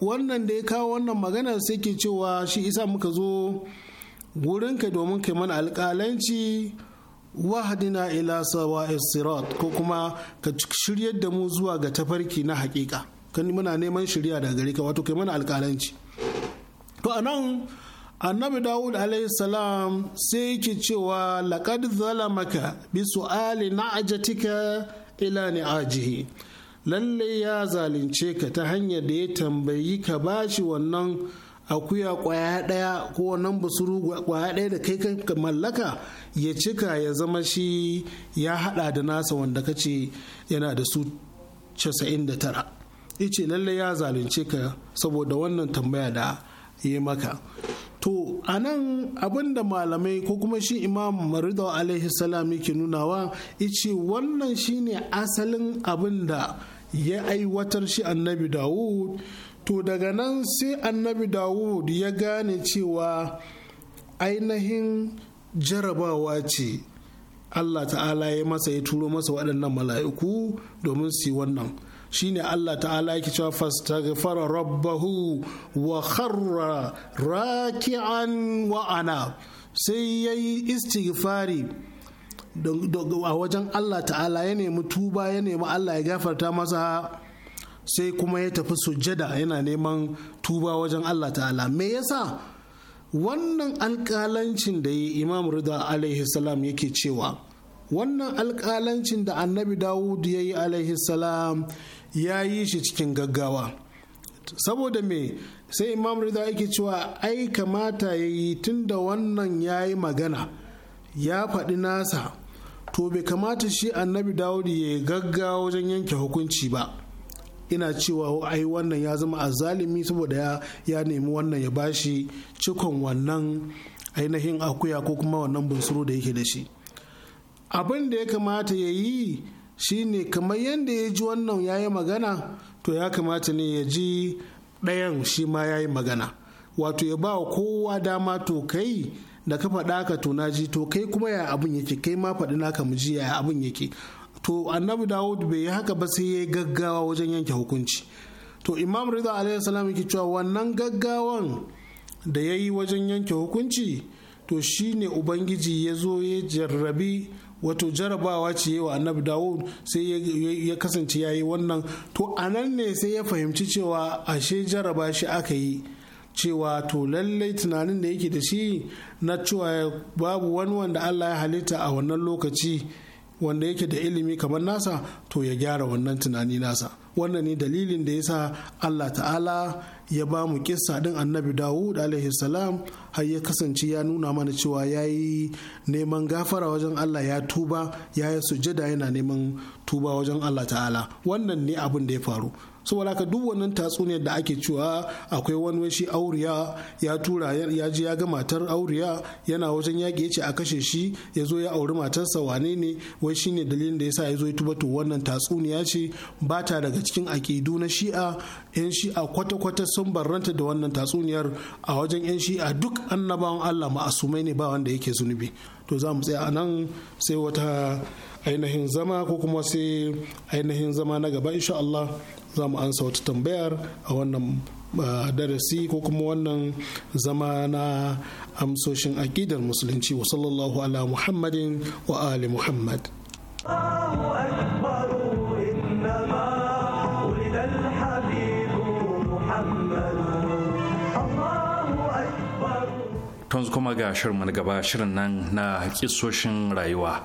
wannan da ya kawo wannan magana sai ke cewa shi isa muka zo gurin ka domin kai mana alƙalanci wahadina ila sawa sirat ko kuma ka shiryar da mu zuwa ga tafarki na hakika kan muna neman shirya daga gare ka wato kai mana alƙalanci to anan annabi dawud salam sai yake cewa laƙad zalamaka bi na ajatika ila ni'ajihi lalle ya zalunce ka ta hanyar da ya tambayi ka bashi wannan akuya kwaya ɗaya ko wannan busuru kwaya ɗaya da kai ka mallaka ya cika ya zama shi ya hada da nasa wanda ka ce yana da su 99 ice lalle ya zalunce ka saboda wannan tambaya da ya maka to a nan abin da malamai ko kuma shi imam marido alaihi salam yake nunawa ice wannan shine asalin abin da ya aiwatar shi annabi dawud to daga nan sai annabi dawud ya gane cewa ainihin jarabawa ce allah ta'ala ya masa ya turo masa waɗannan mala'iku domin su yi wannan shine Allah ta'ala yake cewa fastaghfara rabbahu wa kharra raki'an wa ana sai yayi istighfari a wajen Allah ta'ala ya nemi tuba ya nemi Allah ya gafarta masa sai kuma ya tafi sujjada yana neman tuba wajen Allah ta'ala me yasa wannan alƙalancin da ya imam rida alaihi salam yake cewa wannan alƙalancin da annabi dawud ya yi alaihi salam ya yi shi cikin gaggawa saboda me sai imam rida yake cewa ai kamata ya yi tun da wannan ya yi magana ya faɗi nasa to bai kamata shi annabi dawudi ya gaggawa wajen yanke hukunci ba ina cewa ai wannan ya zama azalimi saboda ya nemi wannan ya bashi cikon wannan ainihin akuya ko kuma wannan bunsuru da yake da shi abin da ya kamata ya yi Shi ne kamar yadda ya ji wannan ya yi magana to ya kamata ne ya ji ɗayan shi ma ya yi magana wato ya ba wa kowa dama to kai da ka faɗa ka to na ji to kai kuma ya abin yake kai ma faɗi naka mu ji ya abin yake to annabi dawud bai yi haka ba sai ya gaggawa wajen yanke hukunci to imam rida alaihi salam yake cewa wannan gaggawan da ya yi wajen yanke hukunci to shi ne ubangiji ya zo ya jarrabi wato jarabawa ce wa annabi dawud sai ya kasance ya yi wannan to anan ne sai ya fahimci cewa ashe jaraba shi aka yi cewa to lallai tunanin da yake da shi na cewa babu wani wanda allah ya halitta a wannan lokaci wanda yake da ilimi kamar nasa to ya gyara wannan tunani nasa wannan ne dalilin da yasa Allah ta'ala ya ba mu kissa din annabi Dawud alaihi salam har ya kasance ya nuna mana cewa ya yi neman gafara wajen Allah ya tuba ya yi sujada yana neman tuba wajen Allah ta'ala wannan ne abin da ya faru saboda haka duk wannan tatsuniyar da ake cewa akwai wani shi auriya ya tura ya je ya ga matar auriya yana wajen yaƙi ya ce a kashe shi ya zo ya auri matarsa wane ne wai shine dalilin da ya sa ya zo ya tuba to wannan tatsuniya ce ba ta daga cikin aƙidu na shi'a yan shi'a kwata-kwata sun barranta da wannan tatsuniyar a wajen yan shi'a duk annabawan Allah ma'asumai ne ba wanda yake zunubi to za mu tsaya a nan sai wata ainihin zama ko kuma sai ainihin zama na gaba insha Allah za mu ansa wata tambayar a wannan darasi ko kuma wannan zama na amsoshin aƙidar musulunci wa sallallahu ala muhammadin wa ali muhammad Tun kuma ga shirin gaba shirin nan na kisoshin rayuwa.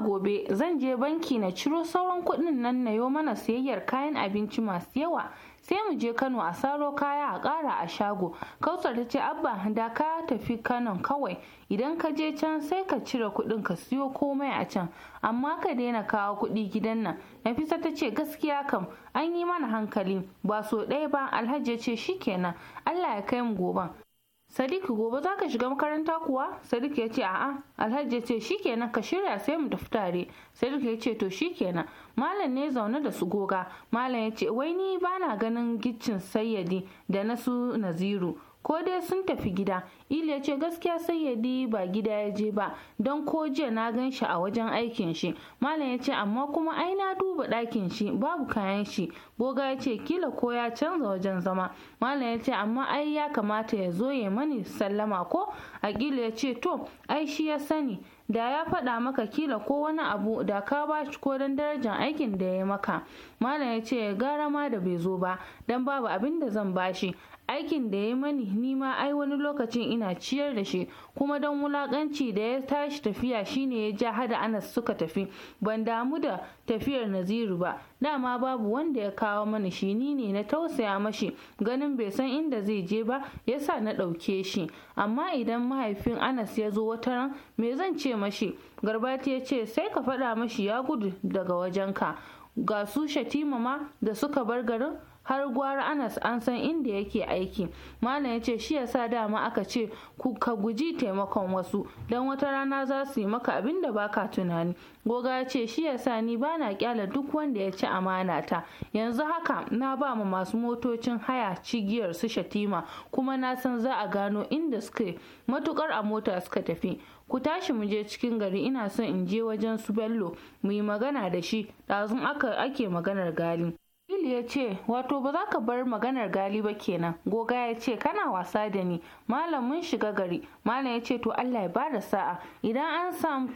gobe zan je banki na ciro sauran kuɗin nan na yo mana siyayyar kayan abinci masu yawa sai mu je kano a saro kaya a ƙara a shago kautar ta ce abba da ka tafi kanon kawai idan ka je can sai ka cire kuɗin ka siyo komai a can amma ka daina kawo kuɗi gidan nan nafisa ta ce gaskiya kam an yi mana hankali ba so ɗaya ba alhaji ce shikenan allah ya kai mu goban Sadiq gobe za ka shiga makaranta kuwa? Sadiq ya ce a'a. Alhaji ya ce shikenan ka shirya sai mu tafi tare. sadiki ya ce to shikenan. Malam ne zaune da su goga. Malam ya ce wai ni bana ganin giccin sayyadi da na su Naziru. ko dai sun tafi gida ili ya ce gaskiya sai ya di ba gida ya je ba don ko jiya na gan shi a wajen aikin shi malam ya ce amma kuma ai na duba ɗakin shi babu kayan shi goga ya ce kila ko ya canza wajen zama malam ya ce amma ai ya kamata ya zo ya mani sallama ko aƙila ya ce to ai shi ya sani da ya faɗa maka kila ko wani abu da ka ba shi ko dan darajar aikin da ya maka malam ya ce gara ma da bai zo ba don babu abin da zan bashi aikin da ya mani nima ai wani lokacin ina ciyar da shi kuma don wulakanci da ya tashi tafiya shine ya ja hada anas suka tafi ban damu da tafiyar naziru ba dama babu wanda ya kawo mani shi ni ne na tausaya mashi ganin bai san inda zai je ba yasa na ɗauke shi amma idan mahaifin anas ya zo wata ran me zan ce mashi garbati ya ce sai ka faɗa mashi ya gudu daga wajenka ga su shatima ma da suka bar garin har gwara anas an san inda yake aiki malam ya ce shi yasa dama aka ce ka guji taimakon wasu don wata rana za su yi maka abin da baka tunani goga ya ce shi yasa ni bana kyala duk wanda ya ci amana ta yanzu haka na ba ma masu motocin haya cigiyar su shatima kuma na san za a gano inda suke matukar a mota suka tafi ku tashi mu je cikin gari ina son in je wajen su bello mu yi magana da shi ɗazun ake maganar gali Khalil ya ce, "Wato ba za ka bar maganar gali ba kenan." Goga ya ce, "Kana wasa da ni." Malam mun shiga gari. Malam ya ce, "To Allah ya bada sa'a. Idan an samu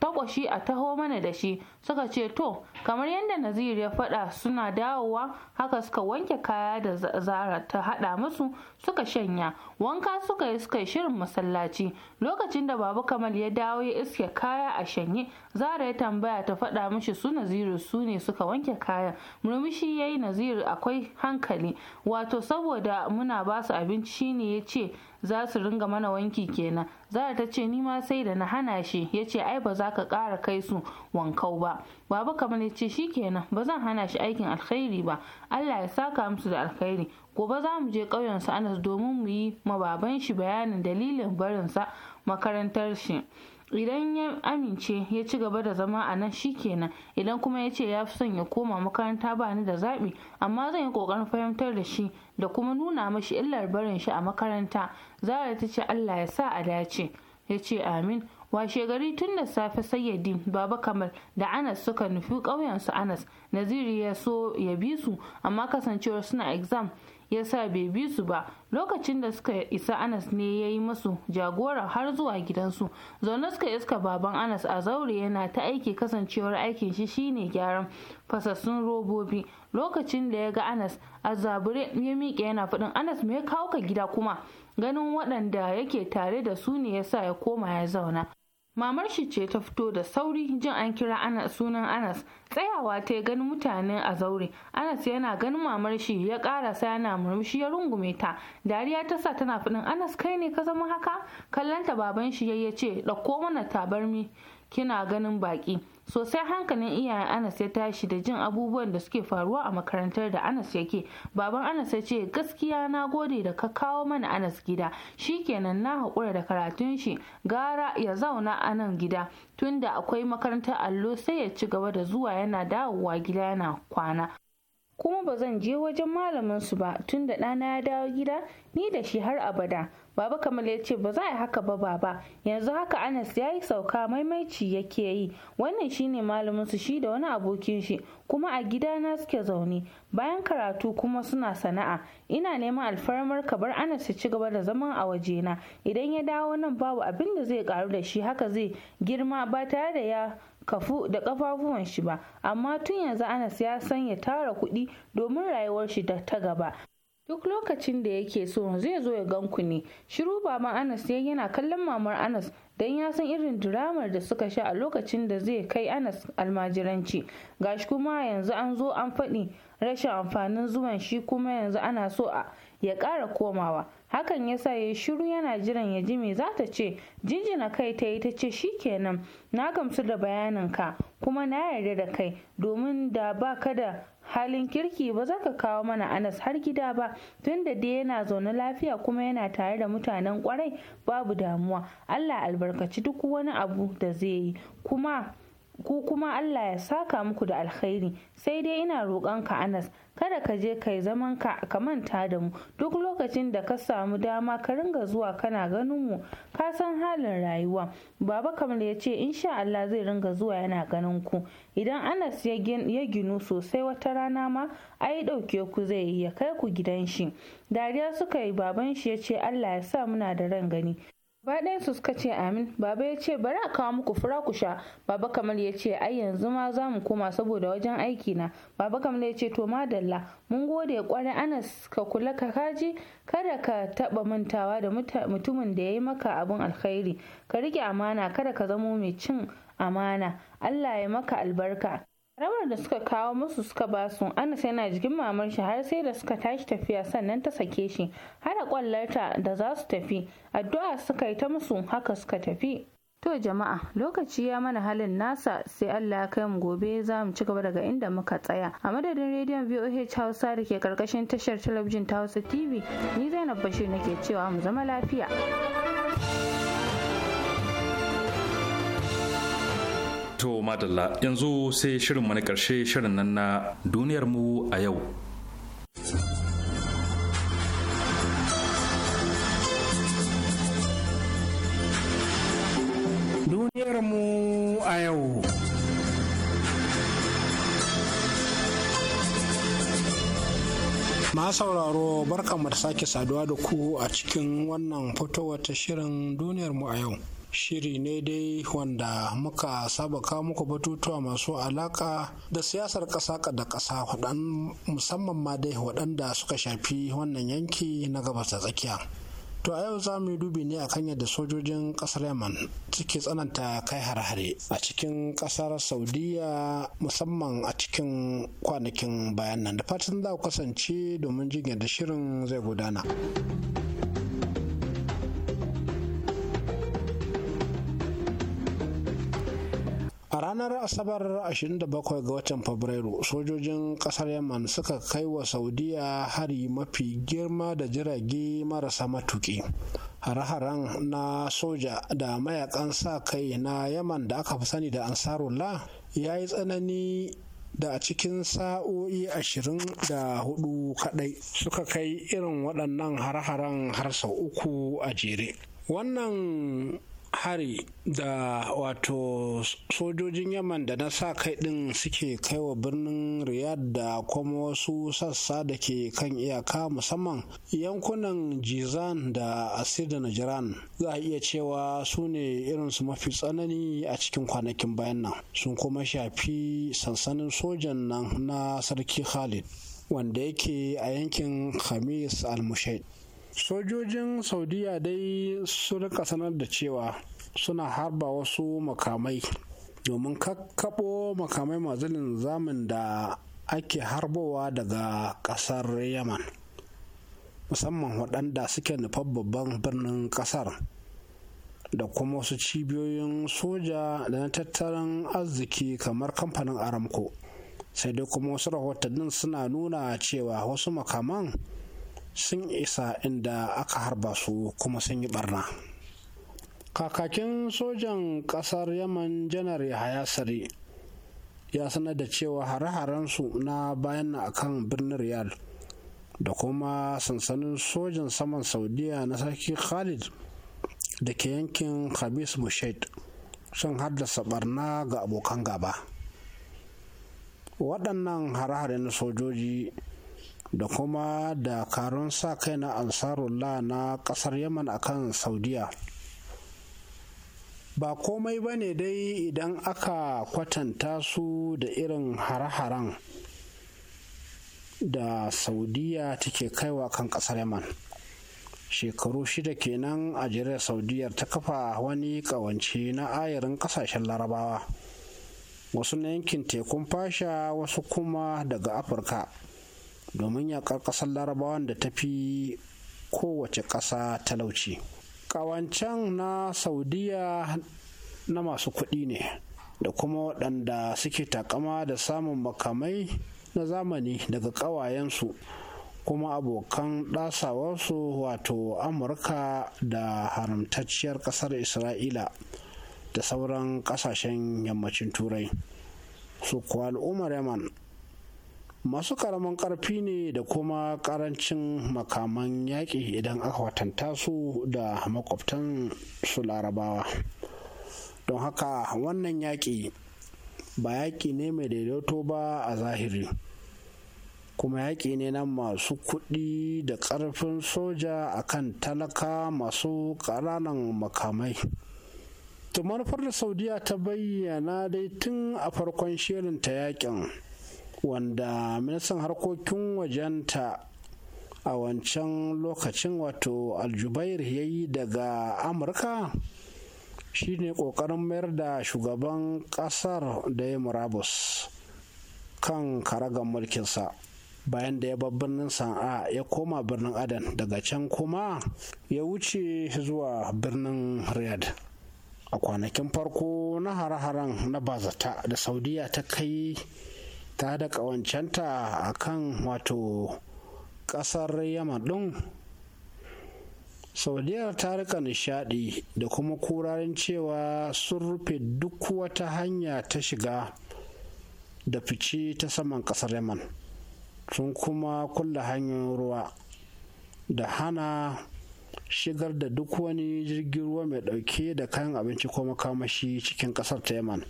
takwashi a taho mana da shi." Suka ce, "To, kamar yadda Nazir ya faɗa suna dawowa, haka suka wanke kaya da Zara ta haɗa musu suka shanya. Wanka suka yi suka yi shirin masallaci. Lokacin da babu Kamal ya dawo ya iske kaya a shanye, Zara ya tambaya ta faɗa mishi su Naziru su ne suka wanke kaya Murmushi ya dai nazir akwai hankali wato saboda muna ba su abinci shine ya ce za su ringa mana wanki kenan zara ta ce nima sai da na hana shi ya ce ai ba za ka kara kai su wankau ba babu kamar ya ce shi kenan ba zan hana shi aikin alkhairi ba allah ya saka musu da alkhairi gobe za mu je ƙauyen su anas domin mu yi ma baban shi bayanin dalilin barinsa makarantar shi idan ya amince ya ci gaba da zama a nan kenan idan kuma ya ce ya fi son ya koma makaranta ba ni da zaɓi amma zan yi ƙoƙarin fahimtar da shi da kuma nuna mashi illar barin shi a makaranta zara ta ce allah ya sa a dace ya ce amin washe gari tun da safe sayyadin baba kamal da anas suka nufi ƙauyensu anas naziri ya so ya bi su amma kasancewar suna exam ya sa bai bi su ba lokacin da suka isa anas ne ya yi masu jagora har zuwa gidansu zaune suka iska baban anas a zaure yana ta aiki kasancewar aikin shi shine gyaran fasassun robobi lokacin da ya ga anas a zabure ya miƙe yana faɗin anas me ya kawo ka gida kuma ganin waɗanda yake tare da su ne ya sa ya koma ya zauna mamar shi ce ta fito da sauri jin an kira ana sunan anas tsayawa ta yi ganin mutane a zaure anas yana ganin mamar shi ya sa yana murmushi ya rungume ta dariya ta sa tana fadin anas kai ne ka zama haka kallanta baban shi ya ce ɗauko mana tabarmi kina ganin baƙi!" sosai hankalin iyayen anas ya tashi da jin abubuwan da suke faruwa a makarantar da anas yake baban anas ya ce gaskiya na gode da ka kawo mana anas gida Shi kenan na haƙura da karatun shi gara ya zauna a nan gida tunda akwai makarantar allo sai ya ci gaba da zuwa yana dawowa gida yana kwana kuma ba zan je wajen malamin su ba tunda ɗana ya dawo gida ni da shi har abada baba kamar ya ce ba za a haka ba baba yanzu haka anas ya yi sauka maimaici yake yi wannan shine malamin su shi da wani abokin shi kuma a gidana suke zaune bayan karatu kuma suna sana'a ina neman alfarmar ka bar anas ya ci gaba da zaman a wajena idan ya dawo nan babu abin da zai karu da shi haka zai girma ba tare da ya kafu da kafafuwan shi ba amma tun yanzu anas ya san ya tara kuɗi domin rayuwar shi ta gaba duk lokacin da yake so zai zo ya gan ku ne shiru baban anas ya yana kallon mamar anas don ya san irin diramar da suka sha a lokacin da zai kai anas almajiranci gashi kuma yanzu an zo an faɗi rashin amfanin zuwan shi kuma yanzu ana so a ya ƙara komawa hakan ya sa ya shiru yana jiran ya ji me za ta ce jinjina kai ta yi ta ce shi kenan na gamsu da bayaninka kuma na yarda da kai domin da ba ka da halin kirki ba za ka kawo mana anas har gida ba tunda dai yana zaune lafiya kuma yana tare da mutanen kwarai babu damuwa allah albarkaci duk wani abu da zai yi kuma ku kuma Allah ya saka muku da alkhairi sai dai ina roƙonka Anas kada ka je kai zaman ka ka manta da mu duk lokacin da ka samu dama ka ringa zuwa kana ganin mu ka san halin rayuwa baba kamar ya ce insha Allah zai ringa zuwa yana ganin ku idan Anas ya ginu sosai wata rana ma ai ɗauke ku zai yi ya kai ku gidan shi dariya suka yi baban shi ya ce Allah ya sa muna da ran gani ɗaya su suka ce amin baba ya ce bari a kawo muku fura ku sha baba kamar ya ce ai yanzu ma za mu koma saboda wajen aiki na baba kamar ya ce to madalla mun gode kwarai anas ka kula ka kaji kada ka taɓa mantawa da mutumin da ya yi maka abin alkhairi ka rike amana kada ka zamo mai cin amana allah ya maka albarka rawar da suka kawo musu suka basu anas yana jikin mamar shi har sai da suka tashi tafiya sannan ta sake shi har a kwallarta da za su tafi addu'a suka yi ta musu haka suka tafi to jama'a lokaci ya mana halin nasa sai allah ya kai mu gobe za mu ci gaba daga inda muka tsaya a madadin rediyon voh hausa da ke karkashin tashar talabijin ta hausa tv ni zainab bashir nake cewa mu zama lafiya To madalla yanzu sai shirin mani karshe shirin nan na duniyar mu a yau. Duniyar mu a yau. Ma sauraro mu da sake saduwa da ku a cikin wannan fito ta shirin duniyar mu a yau. shiri ne dai wanda muka saba kawo muku batutuwa masu alaka da siyasar ƙasa da ƙasa musamman ma dai waɗanda suka shafi wannan yanki na gabas da tsakiya to a yau za mu yi dubi ne akan yadda sojojin ƙasar yaman suke tsananta kai har-hare a cikin ƙasar saudiya musamman a cikin kwanakin bayan nan da fatan za ku kasance domin jin yadda shirin zai gudana. ranar asabar 27 ga watan fabrairu sojojin kasar yaman suka kai wa saudiya hari mafi girma da jirage marasa matuki hare-haren na soja da mayakan sa kai na yaman da aka fi sani da ansarullah ya yi tsanani da a cikin sa'o'i ashirin da hudu kadai suka kai irin waɗannan hare haren har sau uku a jere wannan hari da wato sojojin yaman da na sa kai din suke kaiwa birnin Riyad da kuma wasu sassa da ke kan iyaka musamman yankunan jizan da asir da najiran za a iya cewa su ne irinsu mafi tsanani a cikin kwanakin bayan nan sun kuma shafi sansanin sojan nan na sarki khalid wanda yake a yankin khamis al-mushaid sojojin saudiya dai sun rika sanar da cewa suna harba wasu makamai domin kakkaɓo makamai masu linzamin da ake harbowa daga ƙasar yaman musamman waɗanda suke nufar babban birnin ƙasar da kuma wasu cibiyoyin soja da na tattalin arziki kamar kamfanin aramco sai dai kuma wasu rahotannin suna nuna cewa wasu makaman sun isa inda aka harba su kuma sun yi barna kakakin sojan ƙasar yaman janar yahaya sare ya sanar da cewa hare-harensu na bayan akan birnin Riyal da kuma sansanin sojan saman saudiya na sarki khalid da ke yankin Khabis mushaid sun haddasa barna ga abokan gaba waɗannan hare-hare na sojoji da kuma dakarun sa kai na ansarullah na kasar yaman akan saudiya ba komai ba ne dai idan aka kwatanta su da irin hare-haren da saudiya take kaiwa kan kasar yaman shekaru shida kenan a jirar saudiyar ta kafa wani kawance na ayarin kasashen larabawa wasu na yankin tekun fasha wasu kuma daga afirka domin yakar ƙasar larabawan da ta fi kowace ƙasa talauci ƙawancen na saudiya na masu kuɗi ne da kuma waɗanda suke takama da samun makamai na zamani daga ƙawayensu kuma abokan ɗasawarsu wato amurka da haramtacciyar ƙasar isra'ila da sauran ƙasashen yammacin turai su kuwa al'ummar yaman masu karamin ƙarfi ne da kuma ƙarancin makaman yaƙi idan aka watanta su da makwabtan su larabawa don haka wannan yaƙi ba yaƙi ne mai daidaito ba a zahiri kuma yaƙi ne na masu kuɗi da ƙarfin soja a kan talaka masu ƙananan makamai to manufar saudiya ta bayyana dai tun a farkon shirin ta yaƙin wanda ministan harkokin wajenta a wancan lokacin wato aljubair ya yi daga amurka shine ƙoƙarin mayar da shugaban ƙasar da ya murabus kan karagan mulkinsa bayan da ya bar birnin sana'a ya koma birnin adan daga can kuma ya wuce zuwa birnin Riyad, a kwanakin farko na hare-haren na bazata da saudiya ta kai ta da ƙawancenta a kan wato ƙasar yaman ɗin saudiyar ta rika nishadi da kuma kurarin cewa sun rufe duk wata hanya ta shiga da fice ta saman ƙasar yaman sun kuma kulle hanyar ruwa da hana shigar da duk wani jirgin ruwa mai ɗauke da kayan abinci ko makamashi cikin ƙasar ta yaman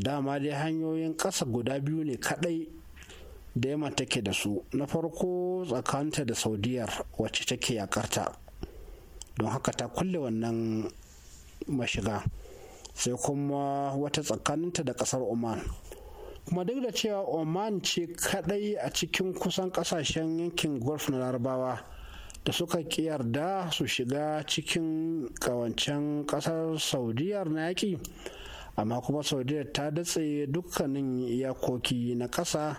dama dai hanyoyin ƙasa guda biyu ne kaɗai da yamma take da su na farko tsakanta da saudiyar wacce take yakarta don haka ta kulle wannan mashiga sai kuma wata tsakaninta da ƙasar oman kuma duk da cewa oman ce kaɗai a cikin kusan ƙasashen yankin golf na larabawa da suka yarda su shiga cikin ƙawancen ƙasar saudiyar na yaƙi amma kuma saudiya ta datse dukkanin iyakoki na ƙasa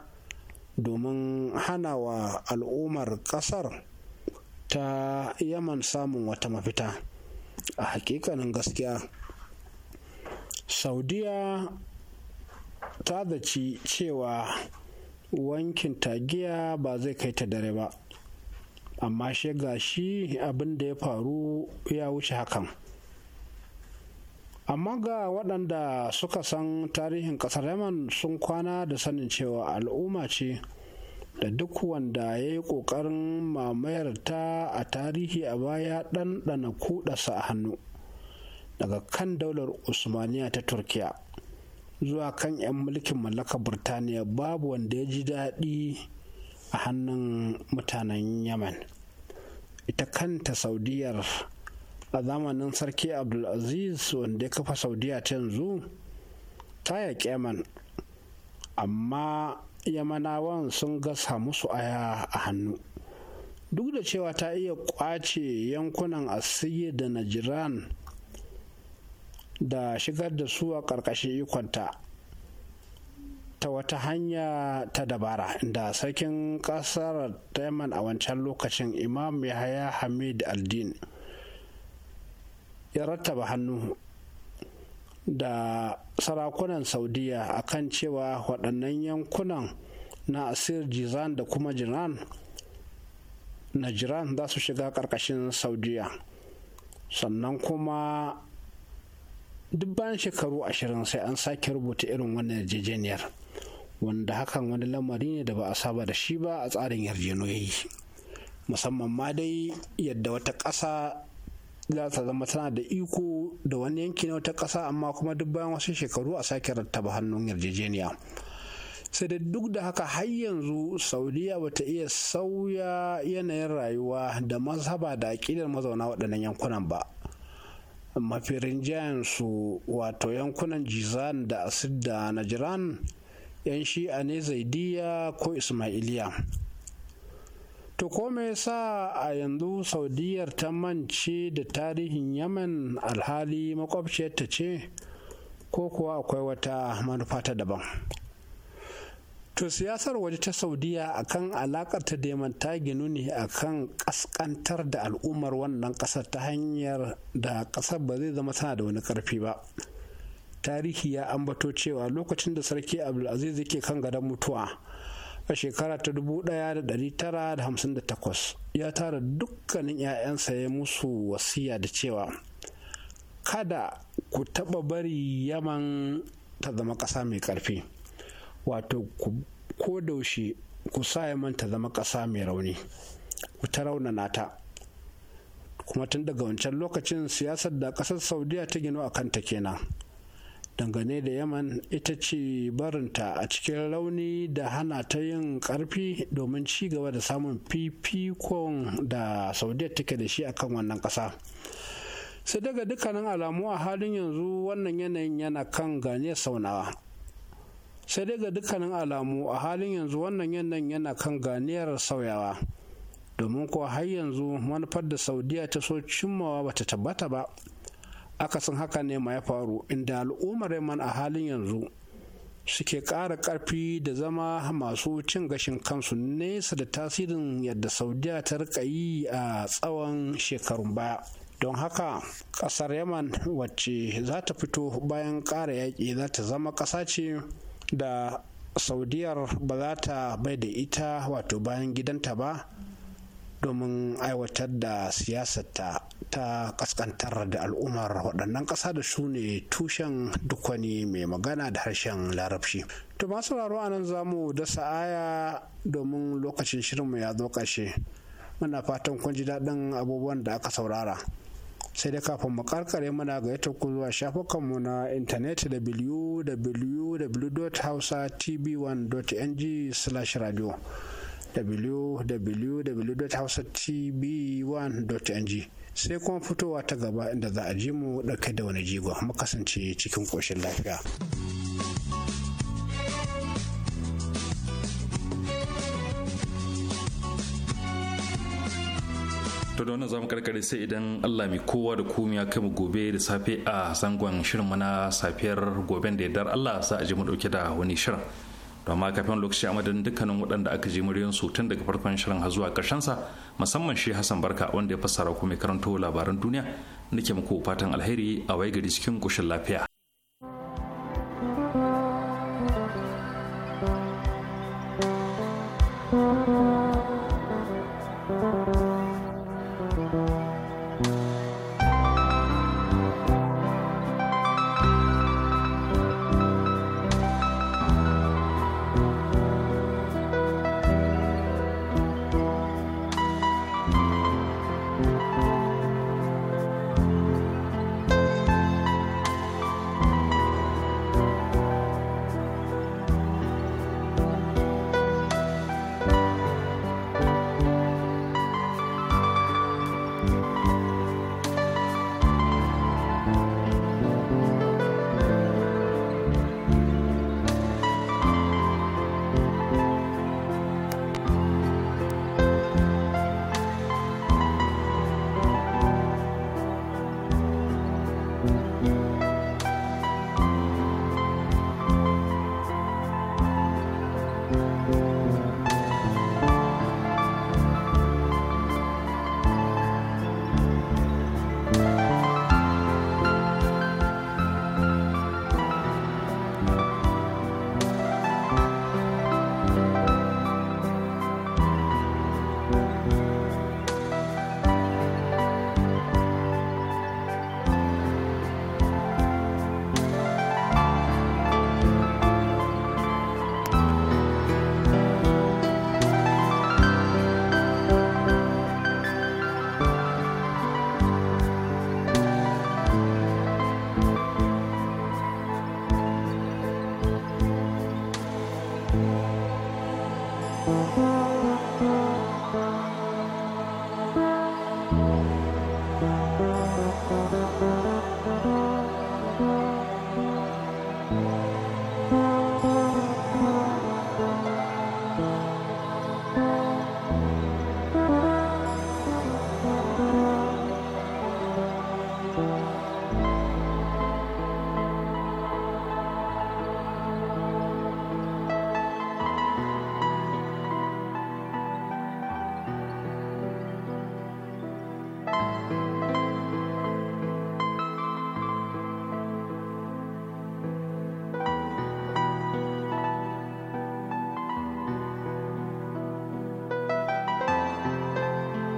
domin hana wa al'ummar ƙasar ta yaman samun wata mafita a hakikanin gaskiya saudiya ta zaci cewa wankin tagiya ba zai kai ta dare ba amma shi abinda abin da ya faru ya wuce hakan amma ga waɗanda suka san tarihin ƙasar yaman sun kwana da sanin cewa al'umma ce da duk wanda ya yi ƙoƙarin mamayar ta a tarihi a baya ɗanɗana kuɗasa a hannu daga kan daular usmaniya ta turkiya zuwa kan 'yan mulkin mallakar burtaniya babu wanda ya ji daɗi a hannun mutanen yaman ita kanta saudiyar a zamanin sarki abdulaziz wanda ya kafa saudiya ta yanzu ta yaƙi yaman amma yamanawan sun gasa musu aya a hannu duk da cewa ta iya ƙwace yankunan asiri da najiran da shigar da su a ƙarƙashin ikonta ta wata hanya ta dabara da sarkin ƙasar yaman a wancan lokacin imam yahaya hamid aldin ya rattaba hannu da sarakunan saudiya a kan cewa waɗannan yankunan na asir jizan da kuma jiran na jiran za su shiga ƙarƙashin saudiya sannan kuma duk bayan shekaru ashirin sai an sake rubuta irin wannan yarjejeniyar wanda hakan wani lamari ne da ba a saba da shi ba a tsarin yarjejeniyoyi musamman ma dai yadda wata ƙasa za ta zama tana da iko da wani yanki na wata ƙasa amma kuma duk bayan wasu shekaru a sake rattaba hannun yarjejeniya sai da duk da haka har yanzu saudiya bata iya sauya yanayin rayuwa da mazhaba da aƙidar mazauna waɗannan yankunan ba mafi su wato yankunan jizan da asid da najiran yan shi'a ne zaidiya ko ismailiya To ko me yasa a yanzu Saudiyar ta mance da tarihin Yemen alhali makwabciyarta ce ko kuwa akwai wata manufa ta daban. To siyasar waje ta Saudiyya akan alakar ta Yemen ta ginu ne akan kaskantar da al'ummar wannan kasar ta hanyar da kasar ba zai zama tana da wani karfi ba. Tarihi ya ambato cewa lokacin da sarki Abdulaziz yake kan gadon mutuwa. a shekara ta 1958 ya tara dukkanin 'ya'yansa ya musu wasiya da cewa kada ku taba bari yaman ta zama ƙasa mai ƙarfi wato ko daushe ku sa yaman ta zama ƙasa mai rauni ku ta raunana ta kuma tun daga wancan lokacin siyasar da ƙasar saudiya ta gino a kanta kenan dangane da yaman ita ce barinta a cikin rauni da hana ta yin karfi domin ci gaba da samun fifikon da saudiya take da shi akan wannan kasa sai daga dukkanin alamu a halin yanzu wannan yanayin yana kan gane saunawa sai daga dukkanin alamu a halin yanzu wannan yanayin yana kan ganiyar sauyawa domin kuwa har yanzu manufar da saudiya ta so cimmawa bata tabbata ba akasin haka ne ma ya faru inda al'ummar yaman a halin yanzu suke ƙara ƙarfi da zama masu cin gashin kansu nesa da tasirin yadda saudiya ta rika yi a tsawon shekarun baya don haka ƙasar yaman wacce za ta fito bayan ƙara yaƙi za ta zama ƙasa ce da saudiyar ba za ta bai da ita wato bayan gidanta ba domin aiwatar da siyasarta ta kaskantar da al'ummar waɗannan ƙasa da su ne tushen duk wani mai magana da harshen larabci to masu raro a nan zamu dasa aya domin lokacin shirinmu ya zo ƙarshe muna fatan kun ji daɗin abubuwan da aka saurara sai dai kafin mu karkare muna ga yata ku zuwa shafukanmu na intanet www.hausatv1.ng/radio www.hausatv1.ng sai kuma fitowa ta gaba inda za a ji mu ɗauke da wani jigo makasance cikin ƙoshin lafiya. to da wannan zamu karkare sai idan Allah mai kowa da komai ya kai mu gobe da safe a zangon shirin mana safiyar goben da dar Allah za a ji mu dauke da wani shirin ma kafin lokaci a madadin dukkanin waɗanda aka ji muryansu tun daga farkon shirin har zuwa sa musamman shi hassan barka wanda ya fassara kuma karanto labaran duniya nake muku fatan alheri a wai gari cikin ƙoshin lafiya